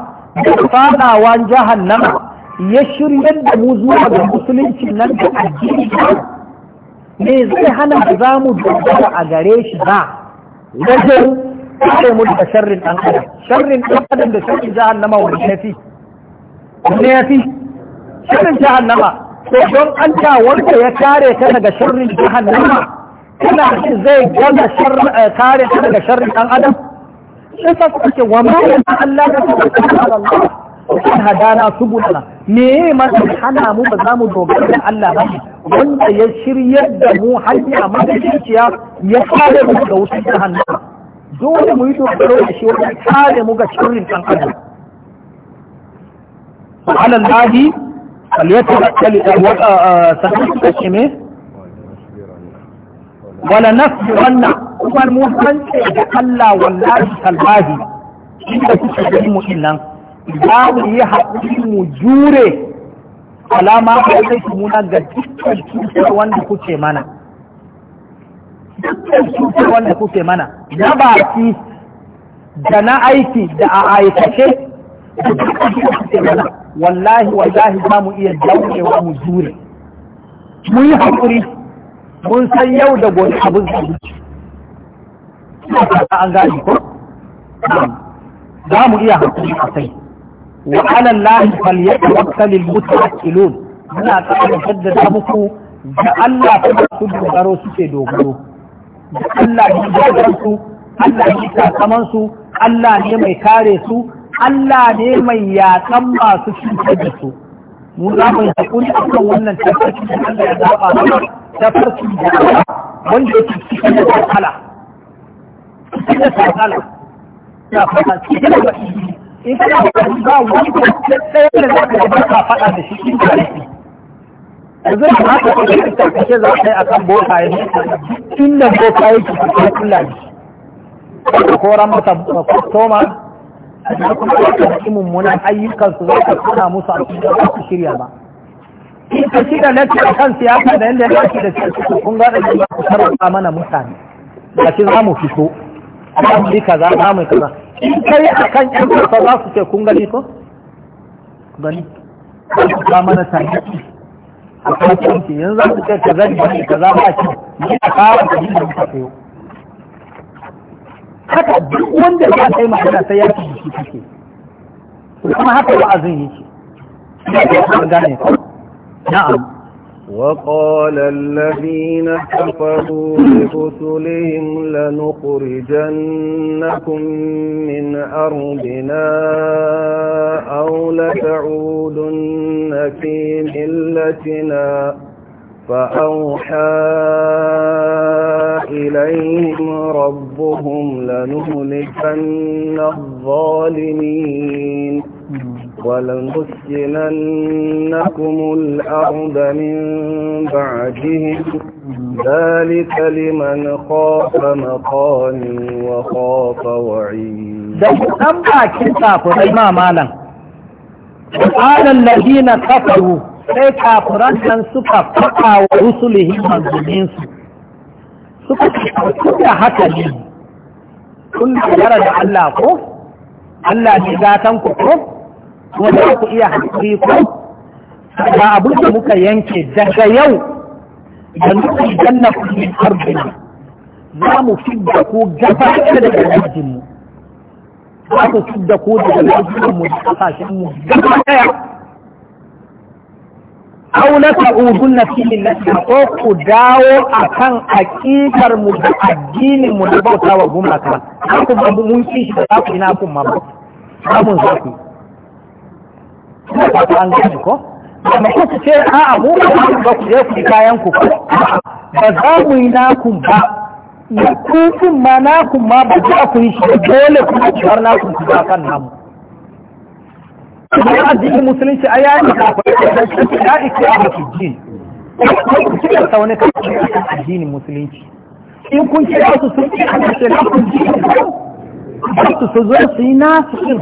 da fadawan jahannama ya shirye da mu zuwa ga musulunci nan da addini me zai hana za mu dogara a gare shi ba wajen kare mu da sharrin ɗan adam sharrin ɗan adam da sharrin jahannama wani yafi wani yafi sharrin jahannama to don an ta wanda ya kare ka daga sharrin jahannama kana shi zai gaza eh, kare ka daga sharrin ɗan adam sai sa suka ce wa ma Allah da Allah hadana subulana me masu hana mu ba za mu dogara da Allah ba wanda ya shirya da mu hanya madadiciya ya kare mu daga wutar hannu, dole mu yi dogaro da shi wajen tare mu ga shirin ɗan adam سبحان الله فليتوكل سبحان ولا نفس وانا kuma mu hanke da Allah wallahi tallahi da kuke ganin mu din za mu yi haƙuri mu jure alama ta kai muna ga dukkan cutar wanda kuke mana dukkan cutar wanda kuke mana na baki da na aiki da a aikace wallahi wallahi za mu iya daurewa mu jure mun yi haƙuri mun san yau da gobe abin zuci an gani ko za mu iya haƙuri a kai وعلى الله Allah falyatawakkal almutawakkilun muna ƙara jaddada muku da Allah kuma su dogaro suke dogaro da Allah ne su Allah ne su Allah ne mai kare su Allah ne mai yakan masu cutar da su mu za mu yi wannan tafarki da Allah ya zaba mana da Allah da cikin da kala. Ya cikin in kana bukatar ba wani ɗaya da za ka ba ka faɗa da shi in ka yi yanzu da ba ka kwace da kashe za ka yi a kan bota ya ne inda bota ya ke kuka kula ne ko koran mata kwastoma da kuma kwace da mummunan ayyukansu za ka tuna musu a cikin ba su shirya ba in ka shirya na ce kan siyasa da yadda ya kashi da siyasa kun ga da ku tarwata mana mutane ba ce za mu fito a kan kaza za mu kaza in kai a kan ‘yan kasa za su ce kun gani ko? gani ba mana sanyi a kan yanzu za su ce ka zani ne ka za ba ce ne a kawo da yin da muka sayo haka duk wanda ya kai magana sai ya ci jiki kake kuma haka wa'azin yake na'am وقال الذين كفروا لرسلهم لنخرجنكم من أرضنا أو لتعودن في ملتنا فأوحى إليهم ربهم لنهلكن الظالمين ولنسكننكم الأرض من بعدهم ذلك لمن خاف مقام وخاف وعيد أما كتاب رحمة مالا وقال الذين كفروا sai kafiran nan suka faɗa wa rusulihi manzuminsu suka ce da haka ne kun da da Allah ko Allah ne gatan ku ko kuma za ku iya haƙuri ku ba abin da muka yanke daga yau da muka janna ku min harbin za mu fidda ku gaba daga lajinmu za ku fidda ku daga lajinmu da kasashenmu gaba ɗaya aw la na fi millati ko ku dawo akan akikar mu da addinin mu da bauta wa gumaka ku ba mun kishi da ku ina kun ma ba mun zaki. da fata an gani ko amma ku ce a mu ba ku je ku kayan ku ba za mu yi nakun ba kufin ma nakun ma ba za ku yi shi dole ku ci har nakun ku ba kan namu kuma addinin musulunci a yayin da ku ya ike a mafijin ku ci da sauni kan addinin musulunci in kun kira su sun ci a kashe nakun ji su zo su yi nasu ɗin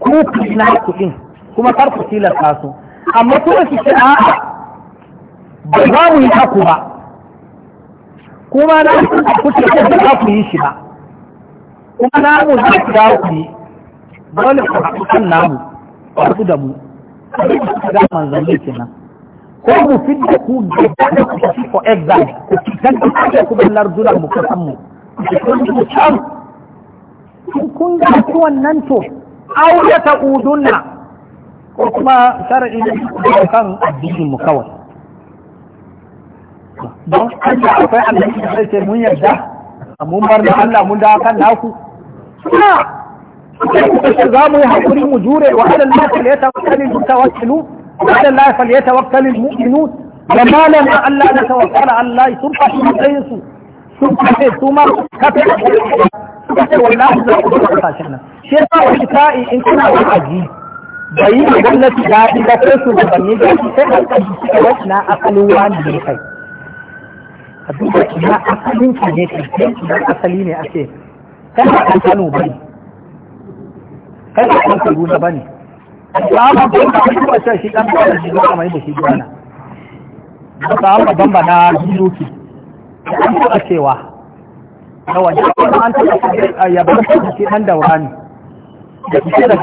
ku ku yi nasu ɗin kuma kar ku tilasta su amma kuma ki ce a'a ba za mu yi haku ba kuma na kuce ce ba za ku yi shi ba kuma na mu za ku dawo ku yi dole ku haɗu kan namu ku da mu ga manzanni kenan ko mu fidda ku gaba ku ci for exile ku ci dan ku ce ku ballar duran mu kasan mu ku ci kun ga wannan to aure ta udunna ko kuma shara'i da kan addinin mu kawai don haka akwai Allah da zai ce mun yarda mun bar da Allah mun dawo kan naku suna sai za mu yi hakuri mu jure wa ala Allah fal yatawakkalul mutawakkilu wa ala Allah fal yatawakkalul mu'minun da malam Allah da tawakkala Allah sun fashi matsayin su sun kafe su ma kafe suka ce wallahi za ku kasashen nan shi yasa wani sa'i in kuna aji. bai yi gwamnati daɗi ba sai su gabanni da shi sai a kan ta kawai na asalin wani ne kai a duba na asalin ki ne kai na asali ne ake kai ba kan kano ba ne kai a kan kano ba ne ba mu ba ka kuma shan shi ɗan kawai shi ba mai da shi gwana ba ba hau ba na jiruki an taɓa cewa na Ba an da shi ɗan daura ne da fice da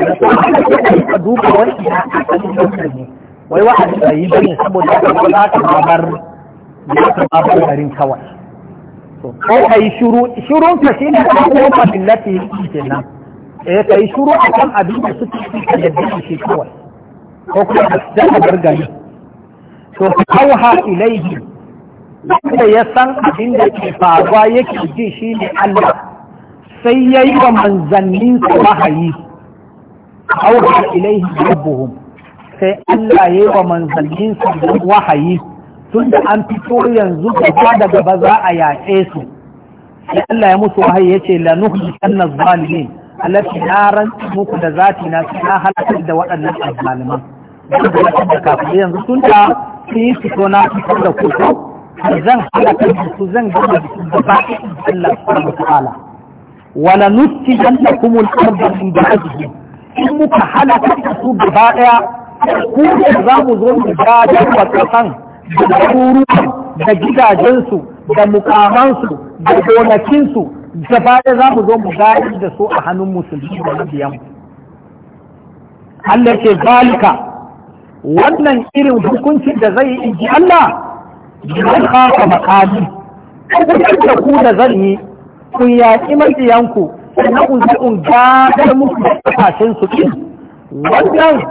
ka duba wani ina asalin dokar ne wai wa'adi a yi bane saboda haka ba za ka babar ya ka babar garin kawai ko ka yi shuru shurun ka shi ne a ka ko ba ke nan. eh ka yi shuru akan abin da suke yi ka yadda shi kawai ko kuma da ka bar gari to hauha ilaihi wanda ya san abin da ke faruwa yake ji shi ne Allah sai ya yi wa manzanninsa wahayi auha ilaihi rabbuhum sai Allah ya yi wa manzannin su wahayi tun da an fito yanzu gaba da gaba za a yaƙe su sai Allah ya mutu wahayi ya ce la nuhli anna zalimin allati naran muku da zati na sai na halakar da waɗannan azzaliman da kafin yanzu tun sun yi fito na fito da kusa zan halakar da su zan gama da su gaba Allah subhanahu wa ta'ala wala nutti jannakumul arda min ba'dihim in muka halaka su gaba ɗaya, ku za mu zo mu gadar da kasan da kuruwan da gidajensu da mukamansu da gonakinsu gaba daya za mu zo mu gadar da su a hannun musulmi da mabiyan Allah ce zalika wannan irin hukuncin da zai yi Allah ya kafa makami ku da ku da zan yi ku yaƙi mabiyanku sannan in zo in gadar muku da kasashen su ɗin wannan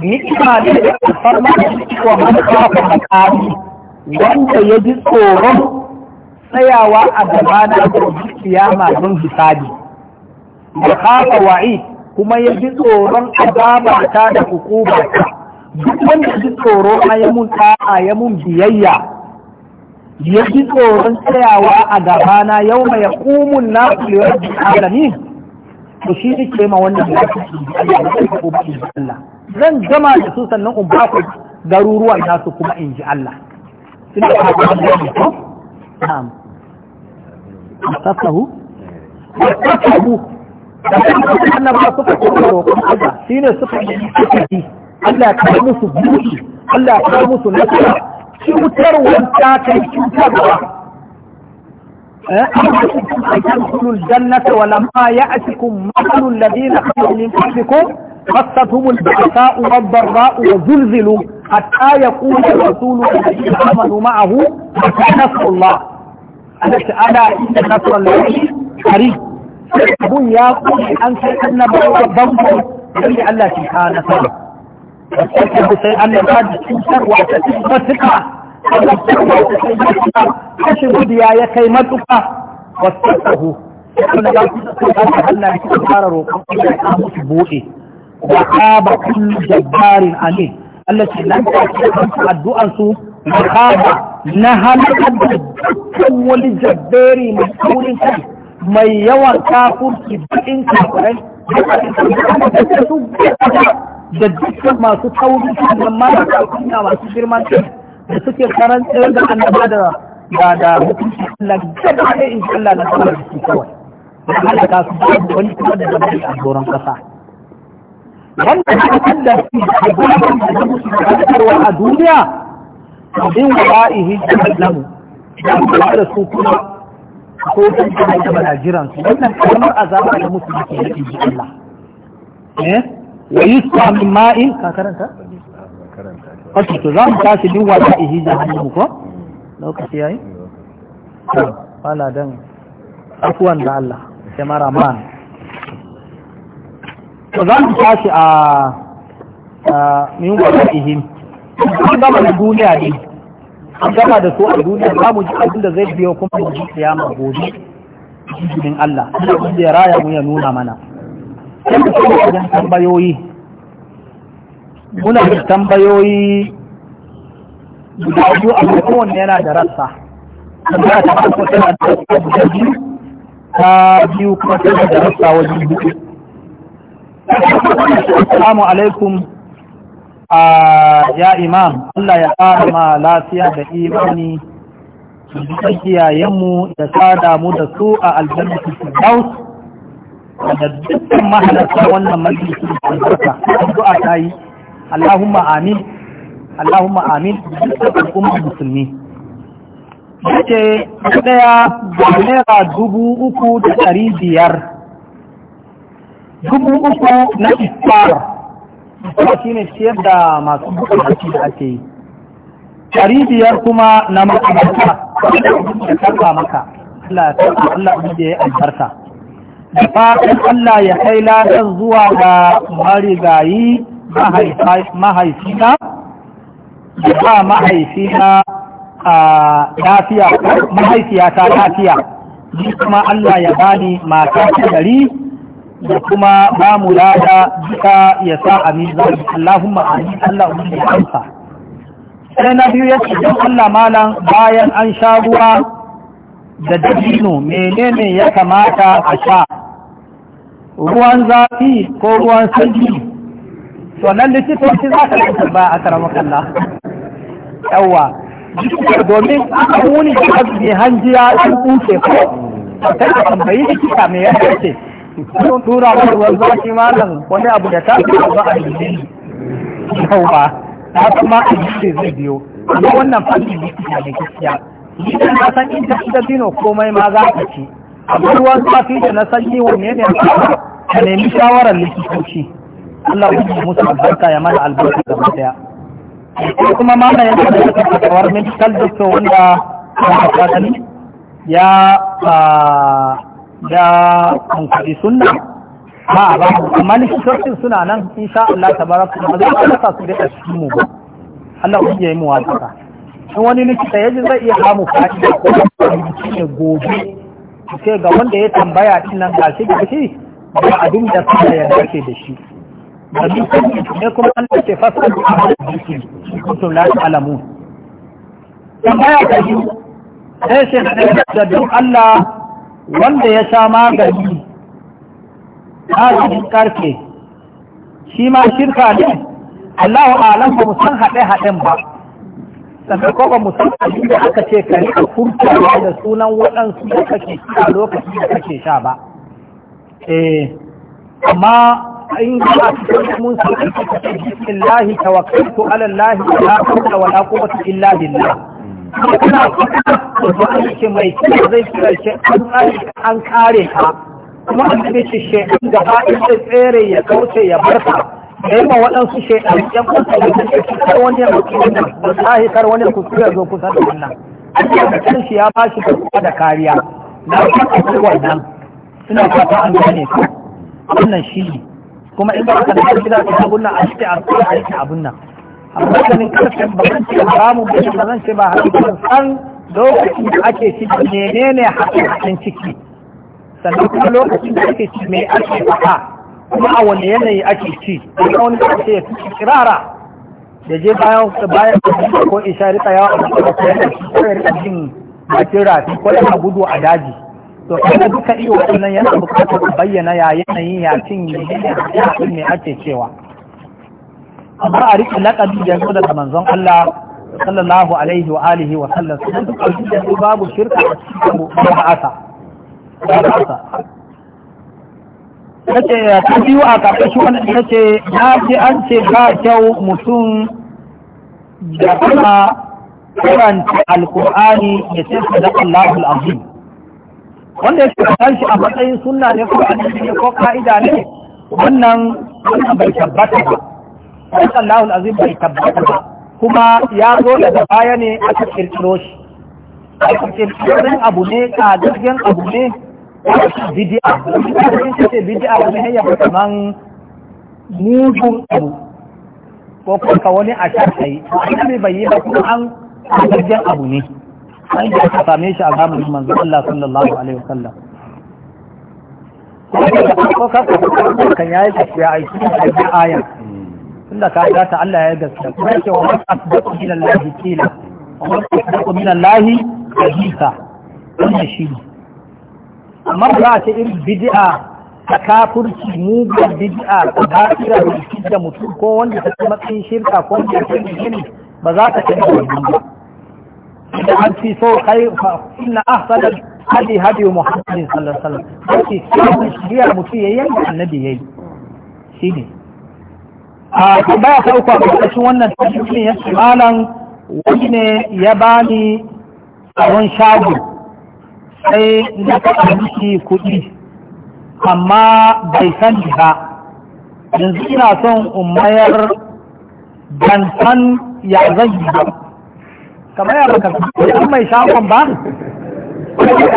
ni'ima ne da alfarma da cewa kafa da makami wanda ya ji tsoron tsayawa a gaba na gobe kiyama don hisabi da kafa wa'i kuma ya ji tsoron azaba ta da hukuma duk wanda ya ji tsoro a ya mun ta'a ya mun biyayya ya ji tsoron tsayawa a gabana yau mai ya kumun na kulewar da alami to shi ne ke ma wannan da Allah zan gama da su sannan in ba ku garuruwan nasu kuma in ji Allah Sun ba ku da shi ko na'am tafahu tafahu da kuma annaba suka koro Allah shine suka yi Allah ya kawo musu buɗi Allah ya kawo musu nasara cutarwar ta kai cutarwa تدخلوا الجنة ولما يأتكم مثل الذين خلوا من قبلكم مستهم البعثاء والضراء وزلزلوا حتى يقول الرسول الذين آمنوا معه نصر الله أنا إن نصر الله قريب أبو يا أخي أنت أن بعض الضم الله سبحانه وتعالى وتركب شيئا قد تنكر وتثبتك تشهد يا كيمتك واتقه وخاب كل جبار عليه التي لم تكن الدعاء سوء وخاب نهل قد كل جبار من كل mai yawan kafurki baƙin kafirai da dukkan masu tauri da mara kafirai masu girman kai da suke karan tsayar da annaba da da da hukunci Allah gaba ɗaya in Allah na sama da su kawai da halaka su babu wani kuma da zama a doron kasa wanda aka kaddar shi da gurbin da musu da a duniya bin wa'ihi da Allah da su kuma ko kan kan da bana jiran su wannan kalmar azaba da musu yake yake ji Allah eh wa yusqa min ma'in ka karanta karanta ko to za mu tashi din wata ihi jahannam ko lokaci yayi wala dan afwan da Allah mara man to za mu tashi a min wata ihi da gama duniya ne an gama da su a duniya za mu ji abin da zai biyo kuma mu ji kiyama gobe cikin Allah Allah ya raya mu ya nuna mana sai mu kuma wajen tambayoyi muna da tambayoyi guda biyu a kowanne yana da rassa tambaya ta farko tana da rassa guda biyu ta biyu kuma tana da rassa wajen biyu Assalamu alaikum ya imam Allah ya ƙara ma lafiya da imani da kiyayenmu da sada mu da su a aljannatin Firdaus da dukkan mahalarta wannan majalisin albarka addu'a ta yi Allahumma amin Allahumma amin dukkan al'ummar musulmi yace daya da naira dubu uku da ɗari biyar dubu uku na isfar kuma shi ne ciyar da masu bukaci da ake yi ɗari biyar kuma na makamata da karba maka Allah ya Allah da ya albarka da fatan Allah ya kai ladan zuwa ga marigayi mahaifina da ba mahaifina a lafiya mahaifiyata lafiya ni kuma Allah ya bani mata ɗari da kuma ba mu lada duka ya sa a mizan Allahumma amin Allah ubi ya amsa sai na biyu ya ce don Allah malam bayan an sha ruwa da dabino menene ya kamata a sha ruwan zafi ko ruwan sanyi to nan likitoci za ka lantar ba a karamar Allah yawa domin aka wuni da hanjiya sun kuce ko kai da tambayi likita me ya ce sun tura wa ruwan shi malam wani abu da ta ba a yi yau ba ta kuma a yi zai biyo amma wannan fanni ne ina da gaskiya da na san in ta da bino komai ma za ka ci amma ruwan zafi da na san yi wanne ne ka nemi shawarar likitoci Allah ya musu albarka ya mana albarka gaba daya kuma ya yanzu da suka fatawar medical doctor wanda ya ya ah, da kankari sunna ba a ba amma likitocin suna nan sha Allah kuma zai kuma za su da cikin mu ba Allah ku yi mu wata in wani likita yaji zai iya samu fa'ida ko ne gobe sai ga wanda ya tambaya din nan da gashi ba abin da suna yarda ke da shi da dukkan ne kuma Allah ke fasal da shi kuntum la alamu, tambaya ta shi sai shi da duk Allah wanda ya sha magani maganin karfe shi ma shirka ne Allah alam ba san haɗe-haɗen ba sannan ko ba mu san abin da aka ce ka rika furtawa da sunan waɗansu da kake sha lokacin da kake sha ba eh amma in ba a cikin mun san bismillahi tawakkaltu ala Allah la hawla wala quwwata illa billah kana kuka wato an ce mai kira zai kira ce an kare an kare ka kuma an ce shi an gaba ɗaya tsere ya kauce ya bar ka da ma waɗansu shekan yan kusa da kuke kar wani ya mutu wannan wallahi kar wani ya kuskure zo kusa da wannan an ce da shi ya ba shi da da kariya na kuka kai wannan suna fata an gane ka wannan shi kuma in ba ka da gida ka abun nan a cikin abun nan amma da ne karshen ba zan ce ba mu ba ba zan ce ba hakikan san lokacin da ake ciki menene hakikan ciki sannan kuma lokacin da ake ciki me ake faɗa kuma a wani yanayi ake ci kuma wani ce ya fi kirara da je bayan bayan ko isha rika yawa a cikin ko yana ko ya rika jin bakin rafi ko yana gudu a daji to kana duka iya wannan yana bukatar bayyana ya yanayin ya cin ne me ake cewa amma a riƙe laƙabi da yanzu daga manzon Allah sallallahu alaihi wa alihi wa sallam sun duk alƙi da su babu shirka a cikin ba'asa tace ta biyu a ƙarƙashin ta ce na ce an ce ba kyau mutum da kuma karanta alkur'ani ya ce da Allahul azim wanda ya karanta shi a matsayin sunna ne ko annabi ne ko ka'ida ne wannan wannan bai tabbata ba Allah azim bai tabbata ba kuma ya zo daga baya ne aka kirkiro shi aka kirkirin abu ne a kagaggen abu ne bidi'a bidi'a ne ce bidi'a ne ya fi kaman mugun abu ko kuma wani a sha kai annabi bai yi ba kuma an kagaggen abu ne an da aka same shi a zamanin manzo Allah sallallahu alaihi wasallam ko ka ko kan yayi tafiya a cikin ayan tunda ka ga ta Allah ya gaskiya kuma yake wa man asdaqu min Allah qila wa man asdaqu min Allah hadisa wannan shi ne. amma ba ta irin bid'a ta kafurci mugun bid'a ta basira da shi mutum ko wanda ta kuma tsin shirka ko wanda ta gini ba za ta kai wannan ba da an fi so kai fa inna ahsana hadi hadi muhammadin sallallahu alaihi wasallam sai shi shirya mutum yayin annabi yayi shine a tambaya ta uku a ƙarƙashin wannan tashi ya ce malam wani ne ya bani tsaron shago sai na faɗa miki kuɗi amma bai sani ba yanzu ina son umayar mayar ban san ya zai ba kamar ya baka san mai shagon ba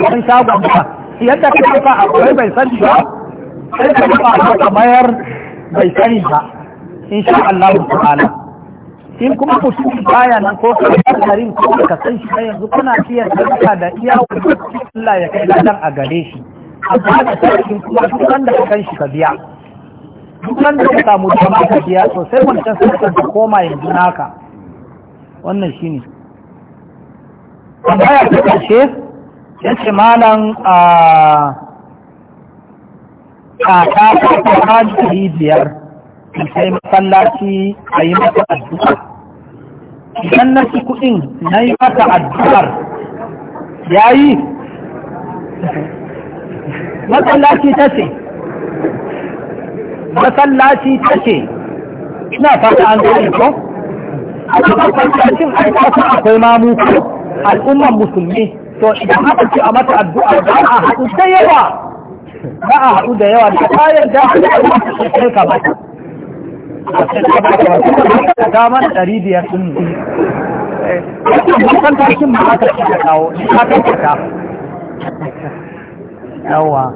san shagon ba yadda ka kafa akwai bai sani ba sai ka kafa a mayar bai sani ba insha Allah ta'ala in kuma mutum baya nan ko karin ko ka san shi da yanzu kuna iya ka da iya Allah ya kai ladan a gare shi amma da sarkin kuma duk da ka kan shi ka biya duk da ka samu dama ka biya to sai wancan sarkin ka koma yanzu naka wannan shine tambaya ta ce yace malam a kaka ta biyar in sai masallaci a yi masa addu'a idan na ci kuɗin na yi masa addu'ar ya yi masallaci ta ce masallaci ta ce ina fata an gani ko a cikin yi kasa akwai mamu al'umman musulmi to idan aka ce a mata addu'a ba a haɗu da yawa ba a haɗu da yawa da kayan da aka yi a kai ba? ga mana ɗari biyar ɗin ne kan eh, tashin ma aka ce ka kawo aka ce ka yawa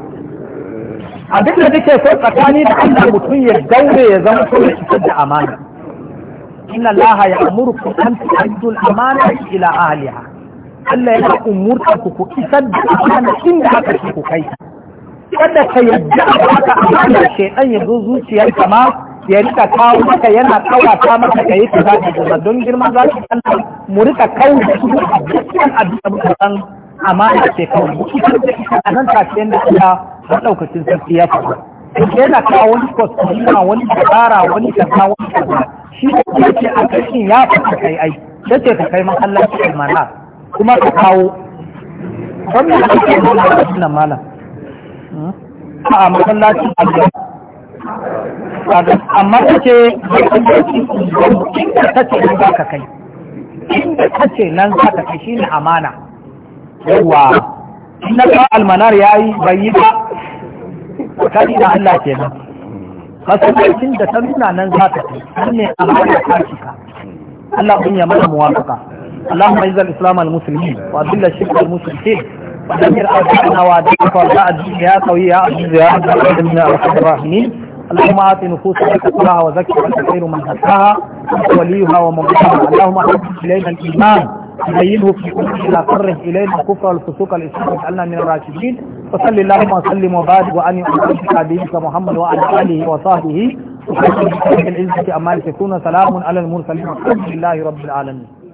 abin da duke so tsakani da Allah mutum ya daure ya zama so ya fitar da amana inna Allah ya amurku an tu'addu al-amana ila ahliha Allah yana umurta ku ku isar da amana inda aka ci ku kai kada ka yadda aka amana shedan ya zo zuciyarka ma ya rika kawo maka yana kawata maka ka yi kaza da kaza don girman za ka kanta mu rika kawo da su a dukkan abin da muka san amana ce kawo a nan tafiyan da ita har daukacin sarki ya faɗa yana kawo wani kwastorina wani dabara wani kaza wani kaza shi ne ce a ƙarshen ya faɗa kai ai da ce ka kai masallaci a mana kuma ka kawo wannan ake nuna da wannan malam hmm? a masallacin Allah amma ta ce inda ta ce nan za ka kai inda ta ce nan za ka kai shine amana yawa na ka almanar ya yi bai yi ba ta yi da Allah ke nan masallacin da ta nuna nan za kai nan ne amana ta Allah kun ya mana muwafaka اللهم اعز الاسلام المسلمين واذل الشرك المشركين ودمر ya واعداءك واعداء الدين يا قوي يا عزيز يا عبد الرحمن الرحيم اللهم آت نفوسنا تقواها وزكها خير من زكاها وليها ومولاها اللهم حبب إلينا الإيمان زينه في قلوبنا كره إلينا الكفر والفسوق والإسلام واجعلنا من الراشدين وصل اللهم وسلم وبارك وأن يؤمنك بك محمد وعلى آله وصحبه وحسن العزة أما تكون سلام على المرسلين والحمد لله رب العالمين